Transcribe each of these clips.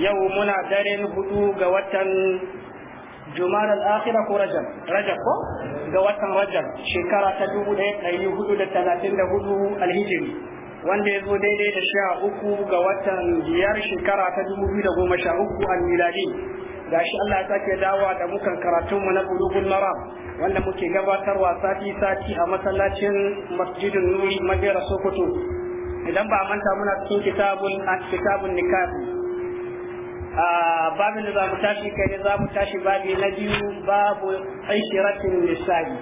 yau muna daren hudu ga watan jumar al'akhira ko rajab rajab ko ga watan rajab shekara ta dubu ɗaya ɗari hudu da talatin da hudu alhijiri wanda ya zo daidai da sha uku ga watan biyar shekara ta dubu biyu da goma sha uku al miladi shi Allah ya sake dawa da mukan karatunmu na bulugul maram wanda muke gabatarwa sati sati a masallacin masjidin nuri madera sokoto idan ba a manta muna cikin kitabun kitabun nikahi babin da za mu tashi kai ne za mu tashi babi na biyu babu ishiratin nisa'i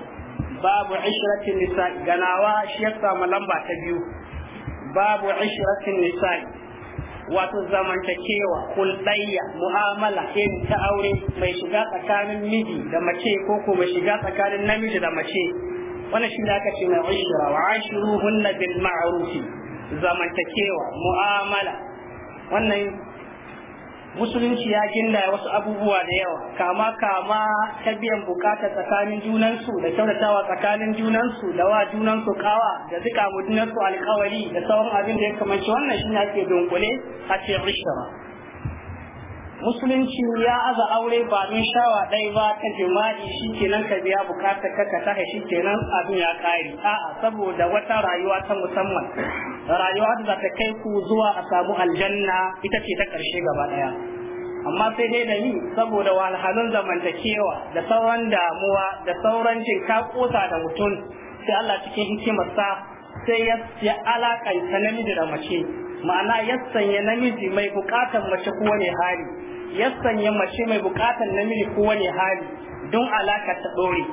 babu ishiratin nisa'i ganawa shi ya samu lamba ta biyu babu ishiratin nisa'i wato zamantakewa hulɗayya mu'amala irin ta aure mai shiga tsakanin miji da mace ko ko mai shiga tsakanin namiji da mace wannan shi da aka ce mai ishira wa hunna bil ma'rufi zamantakewa mu'amala wannan musulunci ya ginda wasu abubuwa da yawa kama kama ta biyan bukata tsakanin junansu da kyautatawa tsakanin junansu da wa junansu kawa da zika mu junansu alkawari da sauran abin da ya kamanci wannan shi ne ake dunkule a ce rishara musulunci ya aza aure ba don shawa ɗai ba ta jima'i shi kenan ka biya bukatar ka ta shi shi kenan abin ya kare a'a saboda wata rayuwa ta musamman rayuwa da za ta kai ku zuwa a samu aljanna ita ce ta ƙarshe gaba ɗaya amma sai dai da ni saboda wahalhalun zamantakewa da sauran damuwa da sauran jin ka da mutum sai Allah cikin sa sai ya alakanta namiji da mace ma'ana ya sanya namiji mai buƙatar mace ko wani hali ya sanya mace mai buƙatan namiji ko wani hali don alaka ta dore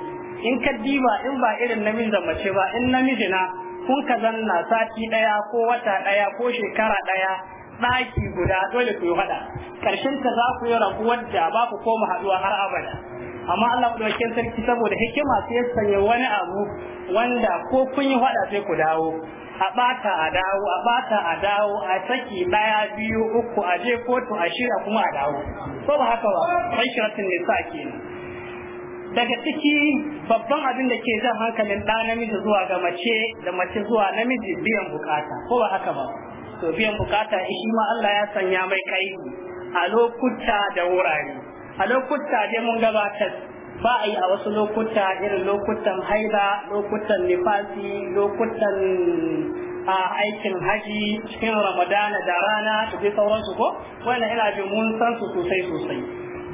in ka diba in ba irin namiji da mace ba in namiji na kun ka zanna sati ɗaya ko wata ɗaya ko shekara ɗaya ɗaki guda dole ku yi faɗa ƙarshen za ku yi rabu wadda ba ku koma haɗuwa har abada amma Allah ɗaukin sarki saboda hikima sai ya sanya wani abu wanda ko kun yi faɗa sai ku dawo a ɓata a dawo a ɓata a dawo a saki ɗaya biyu uku a je kotu a shirya kuma a dawo ko ba haka ba mai ne nisa kenan daga ciki babban abin da ke zan hankalin ɗa namiji zuwa ga mace da mace zuwa namiji biyan bukata ko ba haka ba to biyan bukata shi ma Allah ya sanya mai kai a lokuta da wurare a lokuta dai mun gabata ba a yi a wasu lokuta irin lokutan haida lokutan nifasi lokutan a aikin haji cikin ramadana da rana da sauransu ko wannan ina jin mun san su sosai sosai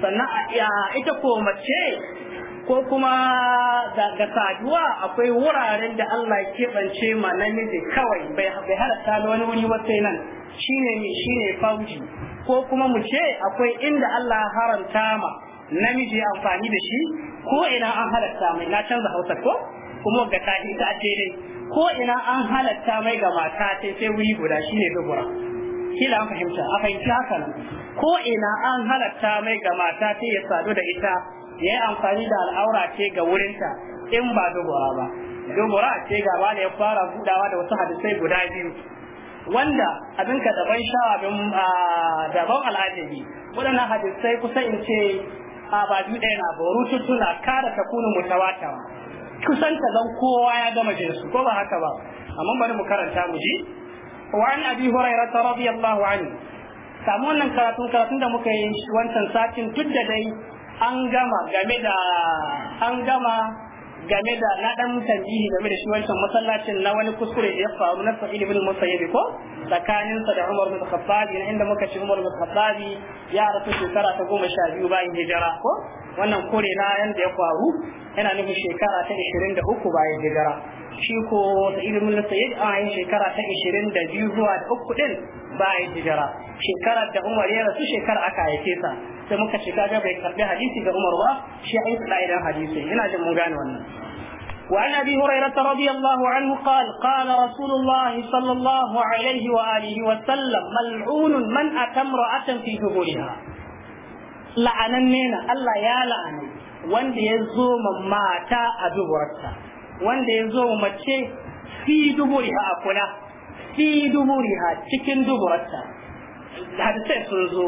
sannan a ita ko mace ko kuma ga saduwa akwai wuraren da Allah ya keɓance ma namiji kawai bai halatta da wani wuri wasai nan shine mi shine fauji ko kuma mu ce akwai inda Allah ya haramta ma namiji amfani da shi ko ina an halatta mai na canza hausa ko kuma ga ta ita a ne? ko ina an halatta mai ga mata sai sai wuri guda shine dubura kila an fahimta a fahimci haka ko ina an halatta mai ga mata sai ya sadu da ita ya yi amfani da al'aura ce ga wurinta in ba dubura ba dubura ce gaba da ya fara budawa da wasu hadisai guda biyu wanda abin ka daban shawa bin daban al'adari, waɗannan hadisai kusa in ce a ba biyu ɗaya na ba kada ta kuna mutawata kusan ta zan kowa ya gama jinsu ko ba haka ba amma bari mu karanta mu ji وعن أبي هريرة رضي الله عنه samu wannan karatun karatun da muka yi wancan satin duk da dai an gama game da an gama game da na dan tanbihi game da shi wancan masallacin na wani kuskure da ya faru na Sa'id ibn Musayyib ko tsakanin sa da Umar bin Khattab ne inda muka ci Umar bin Khattab ya rasu shekara ta 12 bayan hijira ko wannan kore na yanda ya faru yana nufin shekara ta 23 bayan hijira shi ko Sa'id ilimin Musayyib a yin shekara ta 22 zuwa da 3 din bayan hijira shekarar da Umar ya rasu shekara aka haife sa da muka ce kaga bai karbi hadisi ga Umar ba shi ai da idan hadisi ina jin mun gane wannan وعن ابي هريره رضي الله عنه قال قال رسول الله صلى الله عليه واله وسلم ملعون من اتى امراه في Allah ya la'ani wanda ya zo ma mata a duburarta wanda ya zo mace fi a kula fi cikin duburarta sai sun zo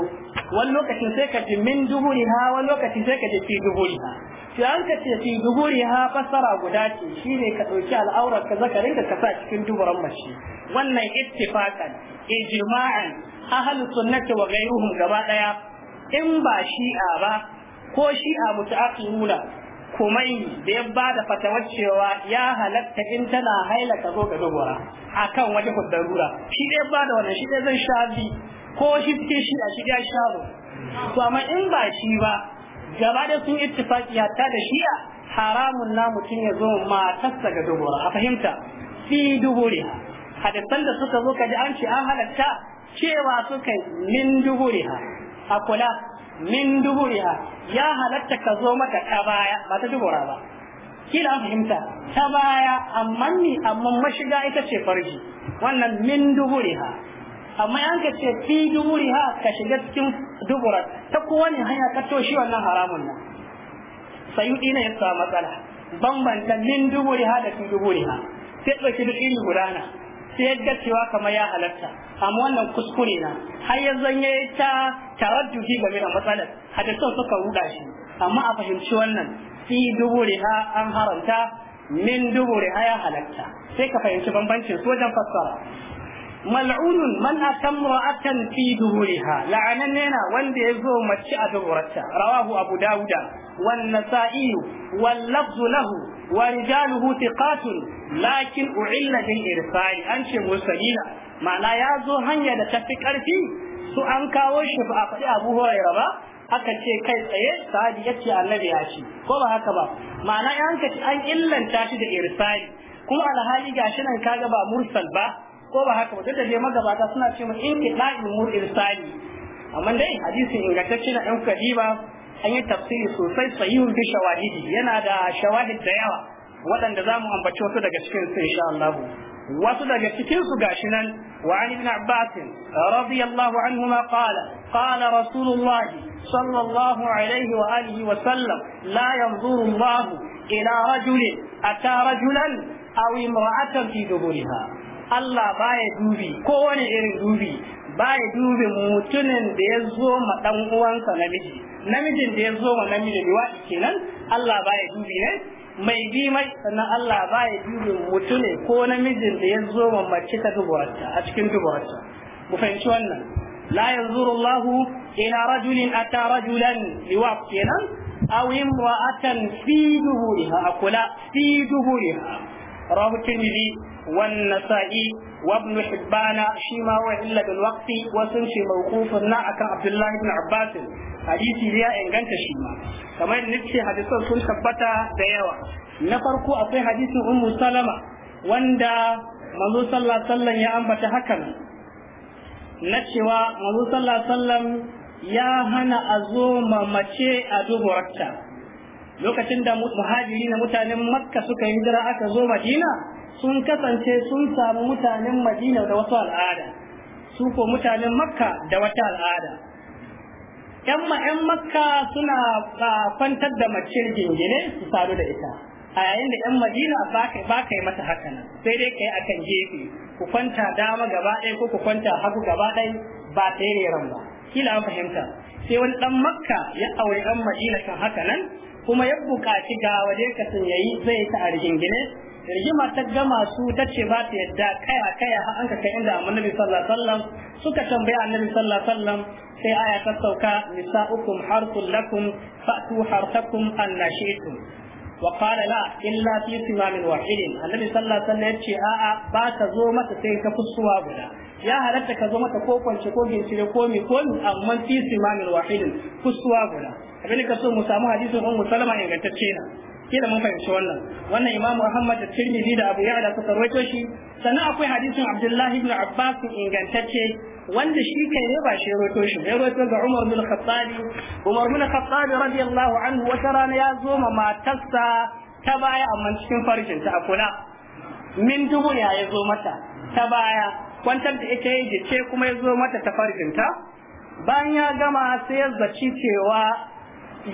wani lokacin sai ka ce min duburi ha wani lokacin sai ka ce fi duburi ha shi an ka ce fi duburi ha fassara guda ce shine ka ɗauki al'aurar ka zakarin ka ka sa cikin duburan mace wannan ittifaqan ijma'an ahlus sunnati wa ghayruhum gaba daya in ba shi'a ba ko shi'a muta'aqqiluna kumai da ya ba da fatawar cewa ya halatta in tana haila ka zo ka dubura akan wani darura shi ɗaya ba da wannan shi ɗaya zan biyu. ko shi suke shi a shiga sharo to amma in ba shi ba gaba da sun ittifaki hatta da shi'a haramun na mutum ya zo matarsa ga dubura a fahimta fi dubure hadisan da suka zo kaji an ce an halatta cewa suka min duburiha a kula min ha ya halatta ka zo maka ta baya ba ta dubura ba kila an fahimta ta baya amma ni amma mashiga ita ce farji wannan min ha amma an ka ce fi duburi ha ka shiga cikin dubura ta kowane hanya ka to shi wannan haramun nan sayudi ne ya samu matsala bambanta min duburi ha da fi duburi ha sai ɗauki duk iri gudana sai yadda cewa kamar ya halatta amma wannan kuskure na har ya zanye ta taradduhi game da matsalar son suka ruda shi amma a fahimci wannan fi duburi ha an haramta min duburi ha ya halatta sai ka fahimci bambancin su wajen fassara mal'unun man atam ra'atan fi duhuriha la'anan yana wanda ya zo mace a duburarta rawahu abu dauda wan nasa'i wal lafzu lahu wa rijaluhu thiqatun lakin u'illa bil irsali an ce mursalina ma'ana ya zo hanya da tafi karfi su an kawo shi ba a faɗi abu hurairah ba aka ce kai tsaye sa'adi yace ce annabi ya ce ko ba haka ba ma'ana an ka an illanta shi da irsali kuma alhali gashi nan kaga ba mursal ba ko ba haka ba duk da je magabata suna cewa in kida'in mur sani. amma dai hadisin ingantacce na ɗan kadiba an yi tafsiri sosai sahihun bi shawahidi yana da shawahid da yawa waɗanda za mu ambaci wasu daga cikin su insha Allah wasu daga cikin su gashi nan wa an ibn Abbas radiyallahu anhu ma qala qala rasulullah sallallahu alaihi wa alihi wa sallam la yanzuru Allah ila rajulin ata rajulan aw imra'atan fi duburiha Allah baya dubi ko wani irin dubi baya dubi mutumin da ya zo ma dan uwansa namiji namijin da ya zo ma namiji liwaɗi kenan Allah baya dubi ne mai bi mai sannan Allah baya dubin mutumin ko namijin da ya zo ma mace ta dubarta a cikin dubarta mu fahimci wannan la yanzuru Allahu ila rajulin ata rajulan liwaq kenan aw imra'atan fi duhuriha akula fi duhuriha rahu tirmidhi wan sa'i wa ibn hibban shi ma wa illa bil waqti wa sun ce mawqufun na akan Abdullahi ibn abbas hadisi ya inganta shi ma kamar nace hadisan sun tabbata da yawa na farko akwai hadisin ummu salama wanda manzo sallallahu alaihi wasallam ya ambata hakan na cewa manzo sallallahu alaihi wasallam ya hana a zo mace a duburarta lokacin da muhajiri na mutanen makka suka yi hijira aka zo madina sun kasance sun samu mutanen madina da wasu al'ada su ko mutanen makka da wata al'ada yan ma'yan makka suna kwantar da mace gingine su sadu da ita a yayin da yan madina ba ka yi mata haka nan sai dai ka yi akan gefe ku kwanta dama gaba ɗaya ko ku kwanta hagu gaba ɗaya ba ta yi ba kila an fahimta sai wani ɗan makka ya aure ɗan madina kan haka nan kuma ya bukaci ga waje ka sun yayi zai ta a rigingine rigima ta gama su ta ce ba ta yadda kaya kaya har an ka kai inda annabi sallallahu alaihi wasallam suka tambaya annabi sallallahu alaihi wasallam sai aya ta sauka nisa'ukum harthul lakum fa'tu harthakum an nashi'tum wa qala la illa fi simamin wahidin annabi sallallahu alaihi wasallam ya ce a'a ba ta zo mata sai ta fusuwa guda ya halatta ka zo ta ko kwance ko gincire ko mi ko amma fi simamin wahidin kusuwa guda abin ka so mu samu hadisin ummu salama ingantacce na kila mun fahimci wannan wannan imamu ahmad da tirmidhi da abu ya'la suka rawaito shi sannan akwai hadisin abdullahi ibn abbas ingantacce wanda shi ke ne ba shi rawaito shi ya rawaito ga umar bin khattab umar khattab radiyallahu anhu wata rana ya zo ma matarsa ta baya amma cikin farjinta a kula min dubu ya zo mata ta baya kwantar da ita yin jice kuma ya zo mata tafarkinta bayan ya gama sai ya zaci cewa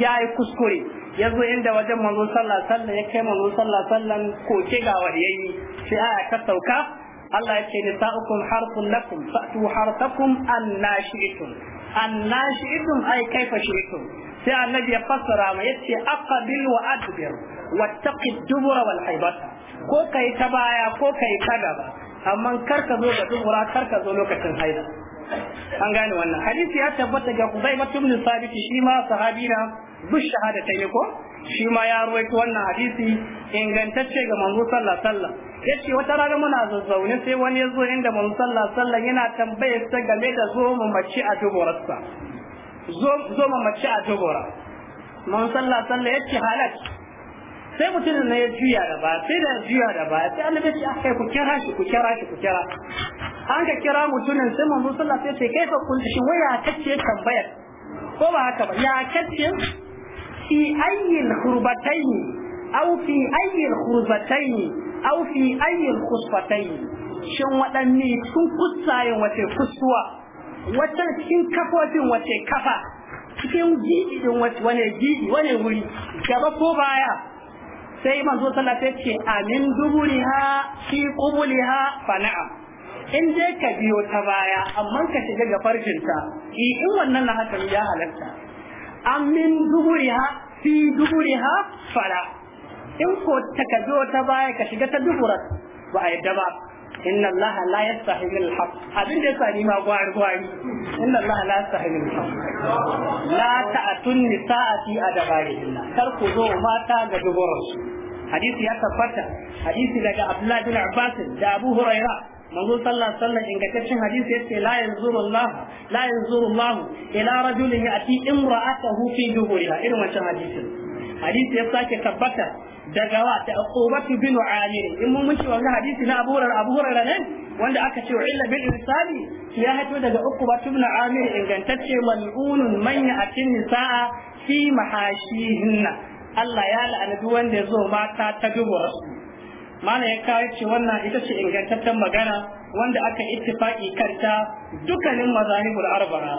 ya yi kuskure ya zo inda wajen manzo sallah sallah ya kai manzo sallah sallan koke ga wadiyayi sai aya ta sauka Allah ya ce ni sa'ukum harfun lakum fa'tu harfakum anna shi'tum anna shi'tum ai kaifa shi'tum sai annabi ya fassara ma yace aqbil wa adbir wattaqi dubura wal haibata ko kai ta baya ko kai ta gaba amma kar ka zo ga dubura kar ka zo lokacin haila an gane wannan hadisi ya tabbata ga kubai ibn Sabit shi ma sahabi na duk shahada ta ne ko shi ma ya ruwaito wannan hadisi ingantacce ga manzo sallallahu alaihi wasallam yace wata rana muna zazzaune sai wani ya zo inda manzo sallallahu alaihi wasallam yana tambayar ta game da zo mu mace a duborarsa zo mu mace a dubora manzo sallallahu alaihi wasallam yace halal sai mutumin na ya juya da ba sai da ya juya da ba sai an ya ce a ah, kai ku kira shi ku kira shi ku kira an ka kira mutumin sai manzo sallah sai ce kai fa kun shi waya kace tambayar ko ba haka ba ya kace fi ayyil khurbatayn aw fi ayyil khurbatayn aw fi ayyil khusfatayn shin waɗanne sun kusaye wace kusuwa wata cikin kafofin wace kafa cikin gidi din wani gidi wani wuri gaba ko baya sai manzo sallah ta ce amin duburiha fi qubuliha fa na'am in dai ka biyo ta baya amma ka shiga ga ta, in wannan na hakan ya halatta amin duburiha fi duburiha fala in ko ta ka biyo ta baya ka shiga ta duburat ba a yadda ba inna Allah la yastahi min al-haq abin da yasa ni ma gwari gwari inna Allah la yastahi min al-haq la ta'tun nisa'ati adabarihinna kar ku zo mata ga duburan hadisi ya tabbata hadisi daga Abdullah bin Abbas da Abu Hurairah manzo sallallahu alaihi wasallam ingantaccen hadisi yace la yanzuru Allah la yanzuru Allah ila rajulin ya'ti imra'atahu fi duburiha irin wancan hadisin hadisi ya sake tabbata daga wa ta bin amir in mun mushi wannan hadisi na abu hurairah abu hurairah ne wanda aka ce illa bil insani ya hato daga ubatu bin amir ingantacce mal'unun man ya'tin nisaa fi mahashihinna Allah ya la'anatu wanda ya zo mata ta dubura mana ya kawo ce wannan ita ce ingantaccen magana wanda aka ittifaki karta dukkanin mazahibul arba'a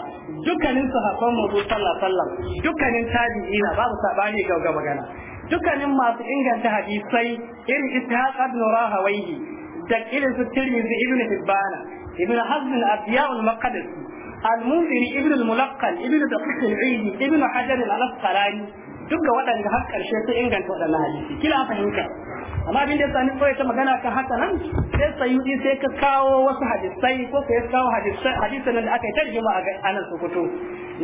dukkanin sahabban manzo sallallahu alaihi wasallam dukkanin tabi'ina babu sabani ga ga magana dukkanin masu inganta hadisai irin ishaq ibn rahawayhi da irin su tirmidhi ibn hibbana ibn hazm al-afya'ul maqdisi al-munziri ibn al-mulaqqal ibn daqiq al-aini ibn hajar al-asqalani duka waɗanda har ƙarshe sai inganta waɗannan hadisi kila fahimta amma abin da sani kawai ta magana kan haka nan sai sayyidi sai ka kawo wasu hadisai ko ka kawo hadisai hadisan da aka yi tarjuma a anan sokoto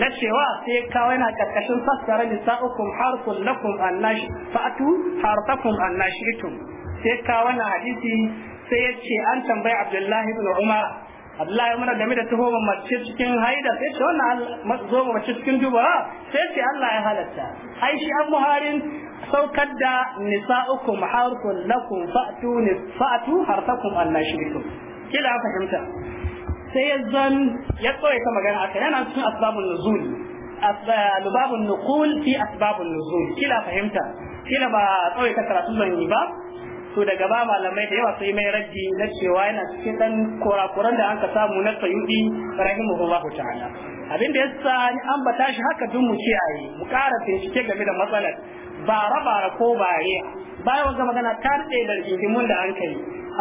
na cewa sai kawo yana karkashin fassara sa'ukum harfun lakum annash fa'atu harfakum annashitum sai kawo na hadisi sai ya ce an tambayi abdullahi ibn umar Allah Abdullahi Umar game da taho ba mace cikin haida sai ce wannan zo ma mace cikin dubara sai ce Allah ya halatta ai shi an muharin saukar da nisa'ukum harkun lakum fa'tu fa'tu hartakum annashikum kila fahimta sai ya zan ya tsawaita magana akan yana cikin asbabun nuzul asbabun nuqul fi asbabun nuzul kila fahimta kila ba tsoye tsawaita karatu zan yi ba to daga ba malamai da yawa sai mai raji na cewa yana cikin dan kurakuran da aka samu na sayudi allah ta'ala abin da yasa ni an bata shi haka dun mu ce ayi mu ƙara bincike game da matsalar Ba bara ko ba bariya bayan wanda magana ta da rigimun da an kai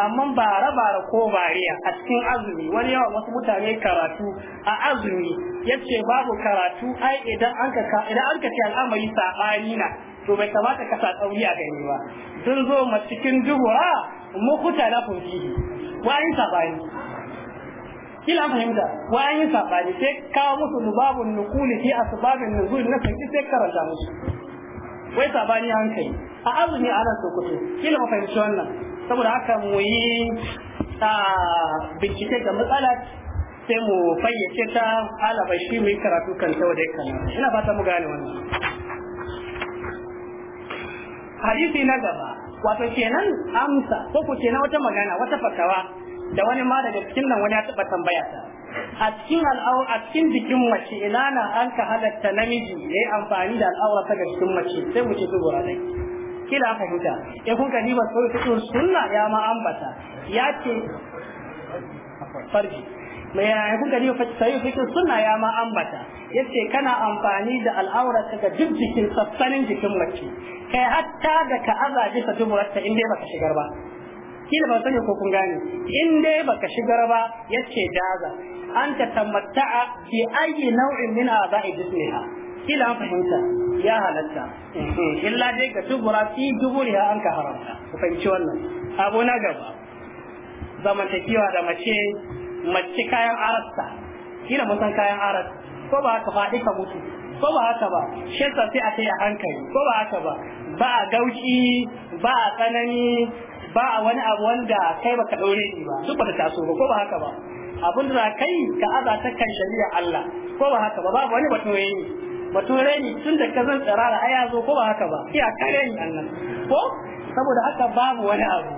amma ba bara ko riya a cikin azumi wani yawa wasu mutane karatu a azumi yace babu karatu ai idan an ka idan an ce al'amari sabani na to bai kamata ka sa tsauri a gani ba sun zo ma cikin duhura mu kuta na kunfihi wa yi sabani kila an fahimta wa yi sabani sai kawo musu lubabun nukuli fi asbabin nuzul na sai sai karanta musu wai sabani an kai a azumi ana sokoto kila ba fahimci wannan saboda haka mu yi bincike ga matsala sai mu fayyace ta shi mu yi karatu kan ta wadai kana ina fata mu gane wannan hadisi na gaba wato kenan amsa ko ku kenan wata magana wata fatawa da wani ma daga cikin nan wani ya taba tambaya ta a cikin al'aura a cikin jikin mace ina na an ka halatta namiji yi amfani da al'aura ta cikin mace sai mu ce gora dai kila huta eh kun ka diba so fitur sunna ya ma ambata ya ce farji mai yaya kun ka diba sai fitur sunna ya ma ambata yace kana amfani da al'aura ta ga duk jikin sassanin jikin mace kai hatta da ka'aba bisa duburarta in dai baka shigar ba kila ba sani ko kun gane in dai baka shigar ba yace daza an ta tamatta'a bi ayi nau'in min aba'i bismiha kila an fahimta ya halatta illa dai ga dubura fi duburiha an ka haramta ku fahimci wannan abu na gaba zamantakewa da mace mace kayan arasta kila mun san kayan aras ko ba ka faɗi ka mutu ko ba haka ba shi yasa sai a kai a hankali ko ba haka ba ba a gauki ba a tsanani ba a wani abu wanda kai baka daure ni ba duk bata taso ba ko ba haka ba abin da kai ka aza ta kan shari'a Allah ko ba haka ba babu wani batun yayi batun raini tun da ka zan tsirara aya zo ko ba haka ba iya kare ni Allah ko saboda haka babu wani abu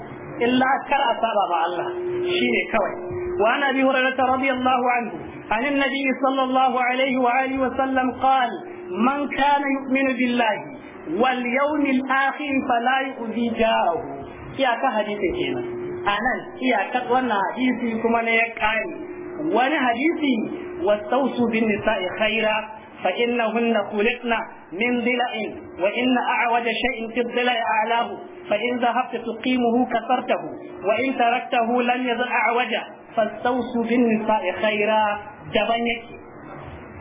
illa kar a saba ba Allah shine kawai وعن ابي هريره رضي الله عنه عن النبي صلى الله عليه واله وسلم قال من كان يؤمن بالله واليوم الاخر فلا يؤذي جاره يا كحديث كينا انا يا كوانا حديث كما نيقال وانا حديثي واستوصوا بالنساء خيرا فإنهن خلقن من ضلع وإن أعوج شيء في الضلع أعلاه فإن ذهبت تقيمه كسرته وإن تركته لم يزل أعوجه fastausu bin nisa'i khaira daban yake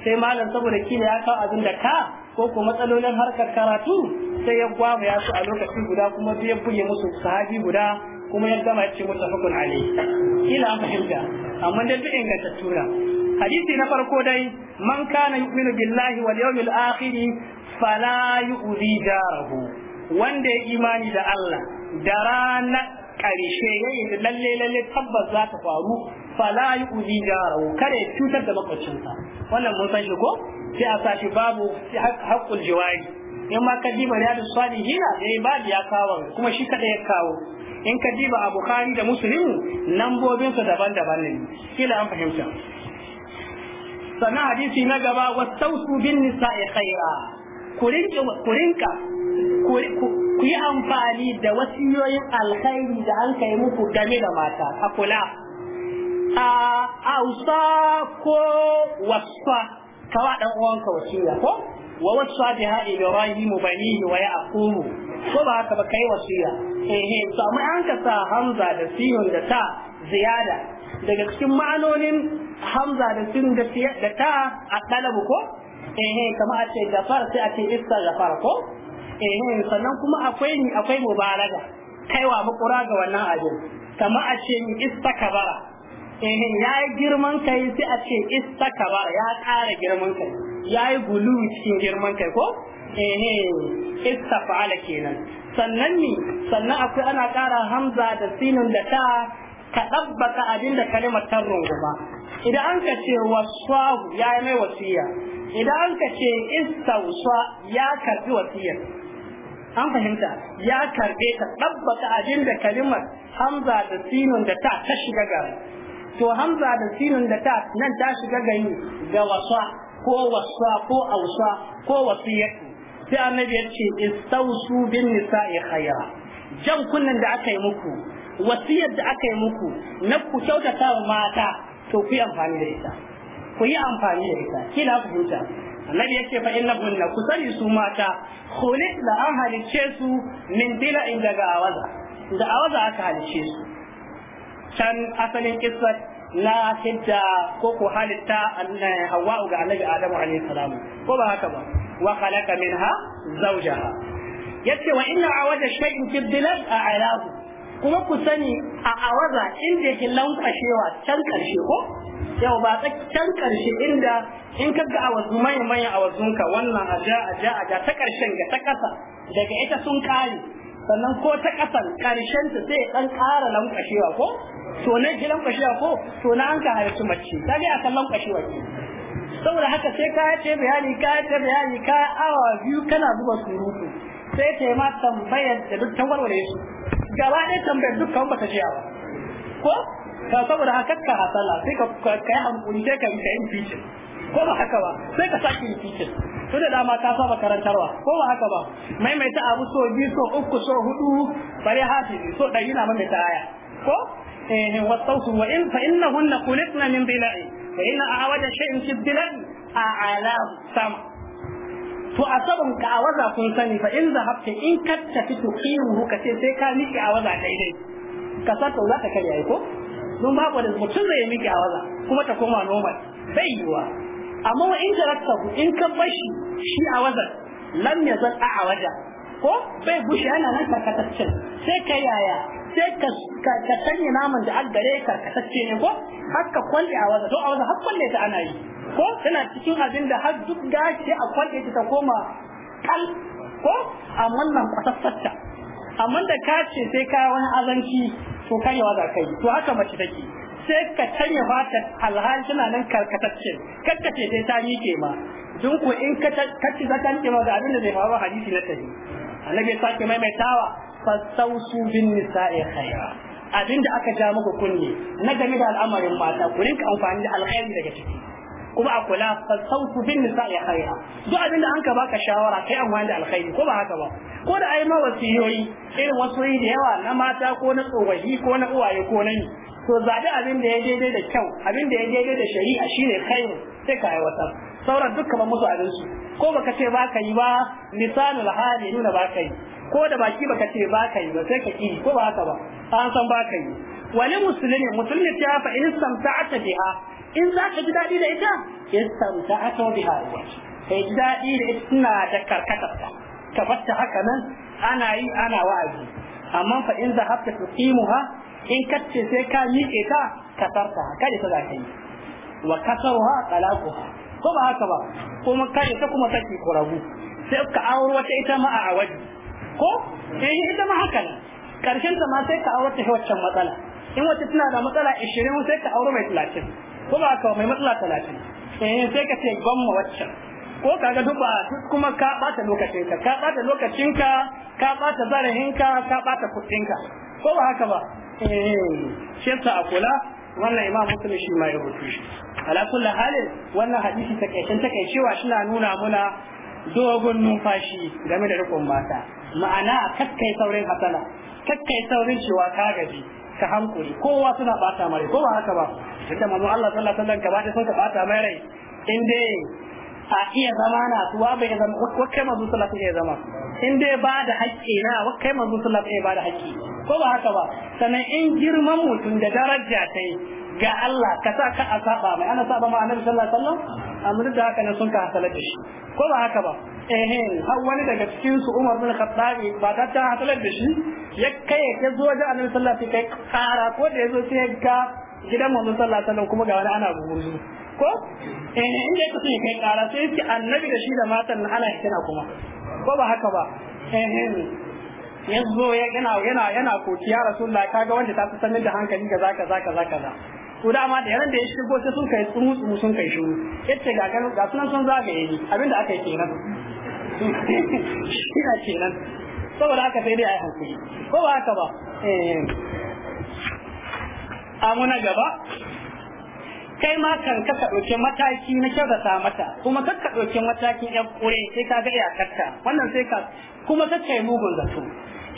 sai malam saboda kila ya kawo abin da ka ko ko matsalolin harkar karatu sai ya gwaba ya su a lokaci guda kuma ya buge musu sahabi guda kuma ya gama ce musu hukun alai kila an fahimta amma dan duk inganta tura hadisi na farko dai man kana yu'minu billahi wal yawmil akhir fala yu'zi jarahu wanda ya imani da Allah da ranar ƙarshe yayin lalle lalle tabbas za ta faru fala yuzi jarahu kare cutar da makwacinsa wannan mun san shi ko sai a sashi babu haqqul jawabi. in ma ka diba riyadu salihina dai eh, babu ya kawo kuma shi kada ya kawo in ka diba a da muslim lambobinsa daban-daban ne kila an fahimta sannan hadisi na gaba wasausu bin nisa'i khaira ku rinka ku yi amfani da wasiyoyin alkhairi da an kai muku game da mata a kula a ausa ko wasfa kawa dan uwanka wasiya ko wa wasa biha mu bani wa yaqumu ko ba haka ba kai wasiya eh eh to amma an ka sa hamza da sihun da ta ziyada daga cikin ma'anonin hamza da sihun da ta a talabu ko eh eh kamar a ce gafar sai a ce istaghfar ko eh sannan kuma akwai ni akwai mubalaga kaiwa makura ga wannan abin kamar a ce ni istakbara eh ya yi girman kai sai a ce istakbara ya ƙara girman kai ya yi gulu cikin girman kai ko eh istafala kenan sannan ni sannan akwai ana ƙara hamza da sinin da ta ka ɗabbaka abin da ta runguma idan an ka ce wasu ya yi mai wasiya idan an ka ce istawsa ya karbi wasiyar an fahimta ya karbe ta tabbata abin da kalimar hamza da sinun da ta ta shiga ga to hamza da sinun da ta nan ta shiga ga yi ga wasa ko wasa ko ausa ko wasiyatu sai annabi ya ce istausu bin nisa'i khaya jan kunnan da aka yi muku wasiyar da aka yi muku na ku kyautata wa mata to ku yi amfani da ita ku yi amfani da ita kila ku huta annabi yake fa inna kunna ku sani su mata khuliqna an halicce su min dila'in daga awaza da awaza aka halicce su can asalin kisar na hidda ko ko halitta hawa'u ga annabi adamu alaihi salamu ko ba haka ba wa khalaqa minha zawjaha yace wa inna awaza shay'in fi dilal a'lahu kuma ku sani a awaza inda yake lankwashewa can karshe ko yau ba tsakkan karshe inda in ka ga a wasu manya manya a wasu ka wannan a ja a ja a ja ta karshen ga ta kasa daga ita sun kare sannan ko ta kasan karshen ta sai dan kara lankashewa ko to na ji lankashewa ko to na an ka haifi mace ta ga akan lankashewa ke saboda haka sai ka ce bayani ka ce bayani ka awa biyu kana zuba surutu sai ta yi ma tambayar da duk ta da su gaba ɗaya tambayar dukkan ba ta ba ko ka saboda haka ka hasala sai ka kai hankuri sai ka yi ka fice. ko ba haka ba sai ka saki impeachment tun da dama ta saba karantarwa ko ba haka ba maimaita abu so bi so uku so hudu bare hafi so ɗari na mai aya ko eh wasausu wa in fa innahunna khuliqna min bila'i fa inna a'waja shay'in fi bila'i a'ala sama to a sabon ka awaza kun sani fa in zahabta in ka tafi tuqiru ka ce sai ka miki awaza daidai ka sa to za ka karya ko don ba ku da mutum zai miki a waza kuma ta koma normal bai yiwa amma wa in tarakta ku in ka bashi shi a waza lam ya zan a waja ko bai gushi ana nan karkataccen sai ka yaya sai ka ka sanya naman da aggare karkatacce ne ko har ka kwalle a waza To a waza har kwalle ta ana yi ko tana cikin abin da har duk gashi a kwalle ta koma kal ko a wannan kwatattacce amma da ka ce sai ka wani azanci to karewa za ka yi to haka mace take sai ka tanya fatar alhali tana nan karkataccen kakkace sai ta rike ma don ko in ka ci za ta ma ga abin da zai faru hadisi na tafi annabi ya sake maimaitawa fasausu bin nisa'i khaira abin da aka ja muku kunne na game da al'amarin mata ku rinka amfani da alkhairi daga ciki kuma a kula sautu bin nisa ya khaira duk abinda an ka baka shawara kai amfani da alkhairi ko ba haka ba ko da ai ma wasiyoyi irin wasiyoyi da yawa na mata ko na tsowahi ko na uwaye ko na ni to zaɓi abinda da ya daidai da kyau abinda ya daidai da shari'a shine khairu sai ka yi wata sauran duk kamar musu abin su ko baka ce ba ka yi ba lisanul hali nuna baka yi ko da baki baka ce ba yi ba sai ka ki ko ba haka ba an san ba yi wani musulmi ne musulmi ta fa in samta'ata biha in za ka ji daɗi da ita in samta'ata biha kai ji daɗi da ita tana da karkatar ta ka haka nan ana yi ana wa'azi amma fa in za hafta tuqimuha in kace sai ka miƙe ta ka sarta kada ta za ka yi wa kasaruha talaquha ko ba haka ba kuma kai ta kuma saki kurabu sai ka aure wata ita ma a awaji ko eh ita ma haka nan karshen ta ma sai ka aure ta waccan matsala in wata tana da matsala 20 sai ka aure mai 30 ko ba ka mai matsala 30 eh sai ka ce ban ma waccan ko kaga duk ba kuma ka bata lokacin ka ka bata lokacin ka ka bata zarahin ka ka bata kudin ka ko ba haka ba eh shi yasa a kula wannan imam muslim shi ma ya rubuta shi ala kullu halin wannan hadisi takaicen takaicewa shi na nuna muna dogon numfashi game da rikon mata ma'ana kakkai saurin hasala kakkai saurin cewa ka gaji ka hankuri kowa suna bata mare ko ba haka ba tunda manzo Allah sallallahu alaihi wasallam gaba da sauka ka bata mai rai in dai a iya zama na tuwa bai zama wakai manzo sallallahu alaihi zama in dai ba da haƙƙi na wakai manzo sallallahu alaihi ba da haƙƙi ko ba haka ba sannan in girman mutum da daraja tai ga Allah ka sa ka saba mai ana saba ma annabi sallallahu alaihi wasallam amma da haka ne sun ka hasala da shi ko ba haka ba eh har wani daga cikin su Umar bin Khattab ba ta ta hasala da shi ya kai ya zo da annabi sallallahu alaihi wasallam kai kara ko da yazo sai ga gidan manzon sallallahu alaihi wasallam kuma ga wani ana gurguru ko eh inda ka sun kai kara sai ki annabi da shi da matan ana kina kuma ko ba haka ba eh yanzu yana yana yana koki ya rasulullah kaga wanda ta fi sanin da hankali kaza zaka zaka za. to dama da yaran da ya shigo sai sun kai tsuru tsuru sun kai shiru yace ga kan ga sunan sun zagaye ni abinda aka yi kenan shi kenan saboda aka sai dai ai hankali ko ba haka ba eh amuna gaba kai ma kan ka ɗauki mataki na kyau ta mata kuma ka ka ɗauki matakin ɗan kure sai ka ga karka wannan sai ka kuma ka kai mugun zato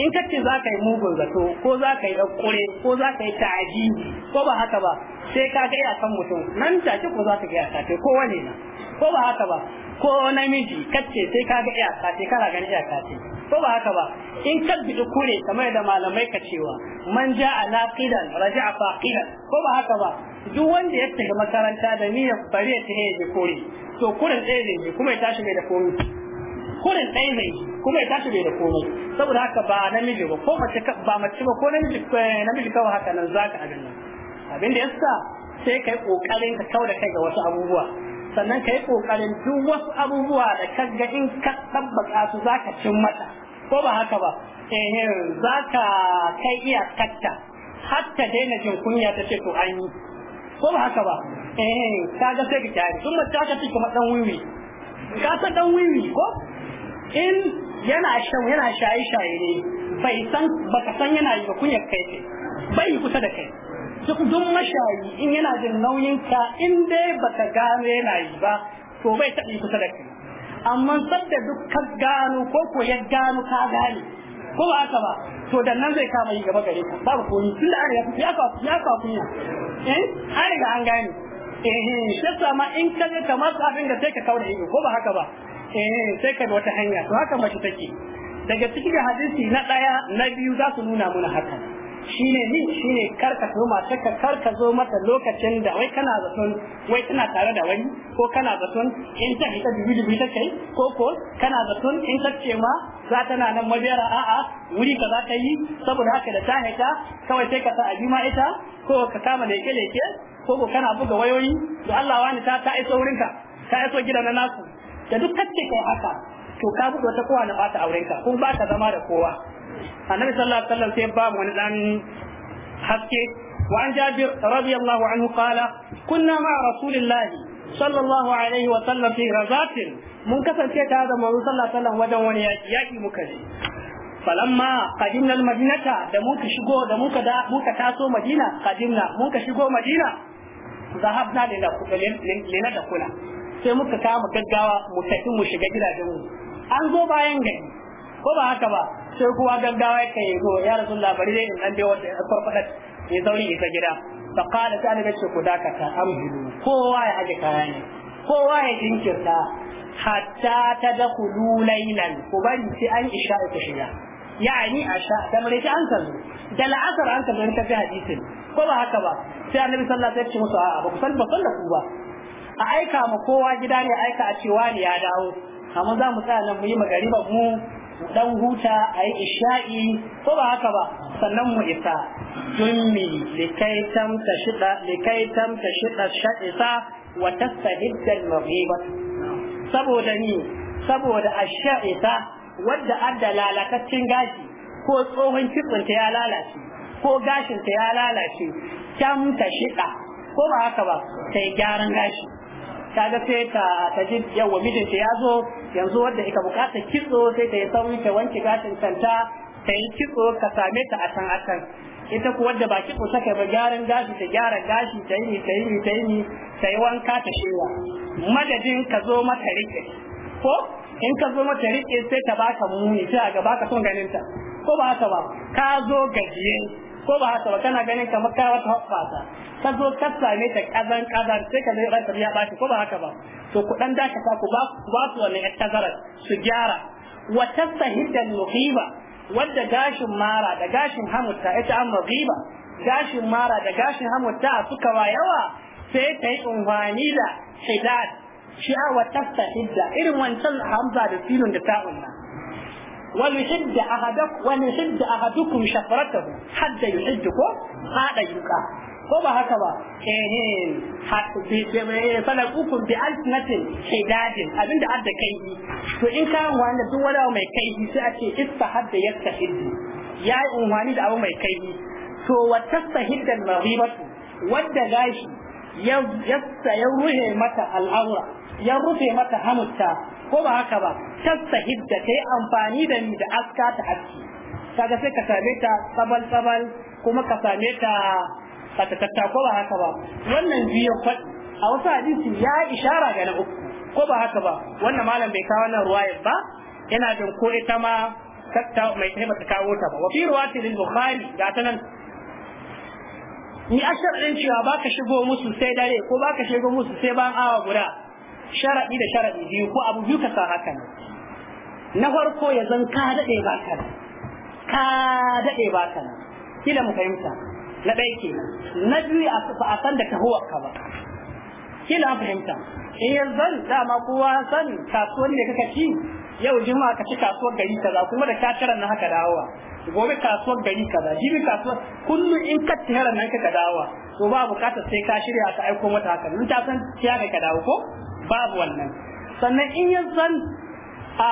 in kace ce za ka yi mugun zato ko za ka yi ƴan ko za ka yi ta'ajibi ko ba haka ba sai ka ga ya san mutum nan ce ko za ka ga ya sace ko wane na ko ba haka ba ko namiji kace sai ka ga ya sace kana gani ya sace ko ba haka ba in ka bidi kure kamar da malamai ka cewa man ala qidan raja'a faqidan ko ba haka ba duk wanda ya tafi makaranta da niyyar bari ta tafi ya kore to kurin ɗaya ne kuma ya tashi bai da komai kurin ɗaya ne kuma ya tashi bai da komai saboda haka ba namiji ba ko mace ba mace ba ko namiji eh, namiji kawai haka nan zaka ka nan abin da yasa sai kai kokarin ka tauda kai ga wasu abubuwa sannan kai kokarin duk wasu abubuwa da kaga in ka tabbata su zaka cin mata ko ba haka ba eh zaka kai iya katta hatta daina jin kunya ta ce to an yi ko ba haka ba eh ga sai ka kyare sun mace ka ci kuma dan wiwi ka san dan wiwi ko in yana shan yana shaye shaye ne bai san baka san yana yi ba kunya kai bai kusa da kai duk duk mashayi in yana jin nauyin ka in dai baka gano yana yi ba to bai taɓa kusa da kai amma sadda duk ka gano ko ko ya gano ka gane ko ba haka ba to da nan zai kama yi gaba gare ka babu koyi tunda an riga ya ka ya ka kunya eh an riga an gane eh sai ma in ka ga kamar abin da sai ka kaura ido ko ba haka ba eh sai ka wata hanya to haka mace take daga cikin hadisi na daya na biyu za su nuna mana haka ne ni ne karka so mace ka karka zo mata lokacin da wai kana zaton wai tana tare da wani ko kana zaton in ta fita dubi dubi ta kai ko ko kana zaton in ta ce ma za ta na nan mabiyara a'a wuri ka za ta yi saboda haka da ta hita kawai sai ka sa a ma ita ko ka kama leke leke ko ko kana buga wayoyi to Allah wani ta ta iso wurinka ta iso gidan na nasu, da duk kace kai haka to ka buga wata kowa na bata aurenka kun ba ta zama da kowa annabi sallallahu alaihi sai ba wani dan haske wa an jabir radiyallahu anhu qala kunna ma rasulillahi sallallahu alaihi wa sallam fi mun kasance tare da manzo sallallahu alaihi wasallam wajen wani yaki yaki muka je falamma da muka shigo da muka da muka taso shigo madina lina da kula sai muka kama gaggawa mu tafi mu shiga gidajen mu an zo bayan gari ko ba haka ba sai kowa gaggawa ya kai ko ya rasu bari dai in an bai wata farfada ya sauri isa gida fa qala ta annabi ce ku ta amhilu kowa ya aje kaya ne kowa ya jinkirta hatta tadkhulu laylan ku bari sai an isha ku shiga yani asha da mare ta an san da la'asar an san ta hadisi hadisin ko ba haka ba sai annabi sallallahu alaihi wasallam ya ce musu a'a ba ku san ba san ku ba a aika ma kowa gida ne aika a cewa ne ya dawo amma za mu tsaya nan mu yi magariba mu dan huta a yi isha'i ko ba haka ba sannan mu isa jummi likai tamta shida likai tamta shida sha'isa wa tastahidda al-maghiba saboda ni saboda ash wanda wadda adda lalataccen gashi ko tsohon kitsin ta ya lalace ko gashin ta ya lalace tamta shida ko ba haka ba sai gyaran gashi kaga sai ta ta ji yawa mijinta ya zo yanzu wanda ika bukata kitso sai ta yi sauri ta wanke gashin kanta ta yi kitso ka same ta a can a can ita ku wadda ba kitso ta kai ba gyaran gashi ta gyara gashi ta yi ta yi ta yi ta yi wanka ta shirya madadin ka zo mata rike ko in ka zo mata rike sai ta baka muni sai a gaba ka son ganin ta ko ba haka ba ka zo gajiye ko ba haka ba kana ganin kamar ka wata hoppasa ka zo ka same ta kazan kazan sai ka zai ranka ya ba, ko ba haka ba to ku dan daka ka ku ba ba su wannan yar su gyara wa tasahiddan muhiba wadda gashin mara da gashin hamutta ita an maghiba gashin mara da gashin hamutta suka wa yawa sai ta yi umfani da shidad shi'a wa tasahidda irin wancan hamza da filin da ta'unna وليحد أحدك وليحد أحدكم شفرته حتى يحدك هذا يقع ko ba haka ba eh eh sanar uku bi alsinatin hidadin abinda adda kai to in ka wanda duk wani mai kai sai a ce istahadda ya yi unwani da abu mai kai to wata sahiddan maribatu wadda gashi ya ya ruhe mata al'aura ya rufe mata hanutta ko ba haka ba tastahid da kai amfani da ni da aska ta hakki kaga sai ka same ta sabal sabal kuma ka same ta fatatatta ko ba haka ba wannan biyan faɗi a wasu hadisi ya ishara ga na uku ko ba haka ba wannan malam bai kawo nan ruwayar ba yana jin ko ita ma tatta mai tsaye bata kawo ta ba wa fi ruwati lil bukhari ga ta nan ni ashar din cewa baka shigo musu sai dare ko baka shigo musu sai ban awa guda sharaɗi da sharaɗi biyu ko abu biyu ka sa haka ne na farko ya zan ka daɗe ba ka nan ka daɗe ba ka nan kila mu fahimta na ɗaya ke na biyu a san da huwa ka ba kila mu fahimta in eh, ya zan dama kowa san kasuwar ne kaka ci yau juma'a ka ci kasuwar gari ka za, kuma da ka na haka dawowa gobe kasuwar gari ka za, jibi kasuwar kullum in ka tara nan ka dawowa to ba bukatar sai ka shirya ka aiko mata haka in ta san ciya ka dawo ko babu wannan sannan in ya san a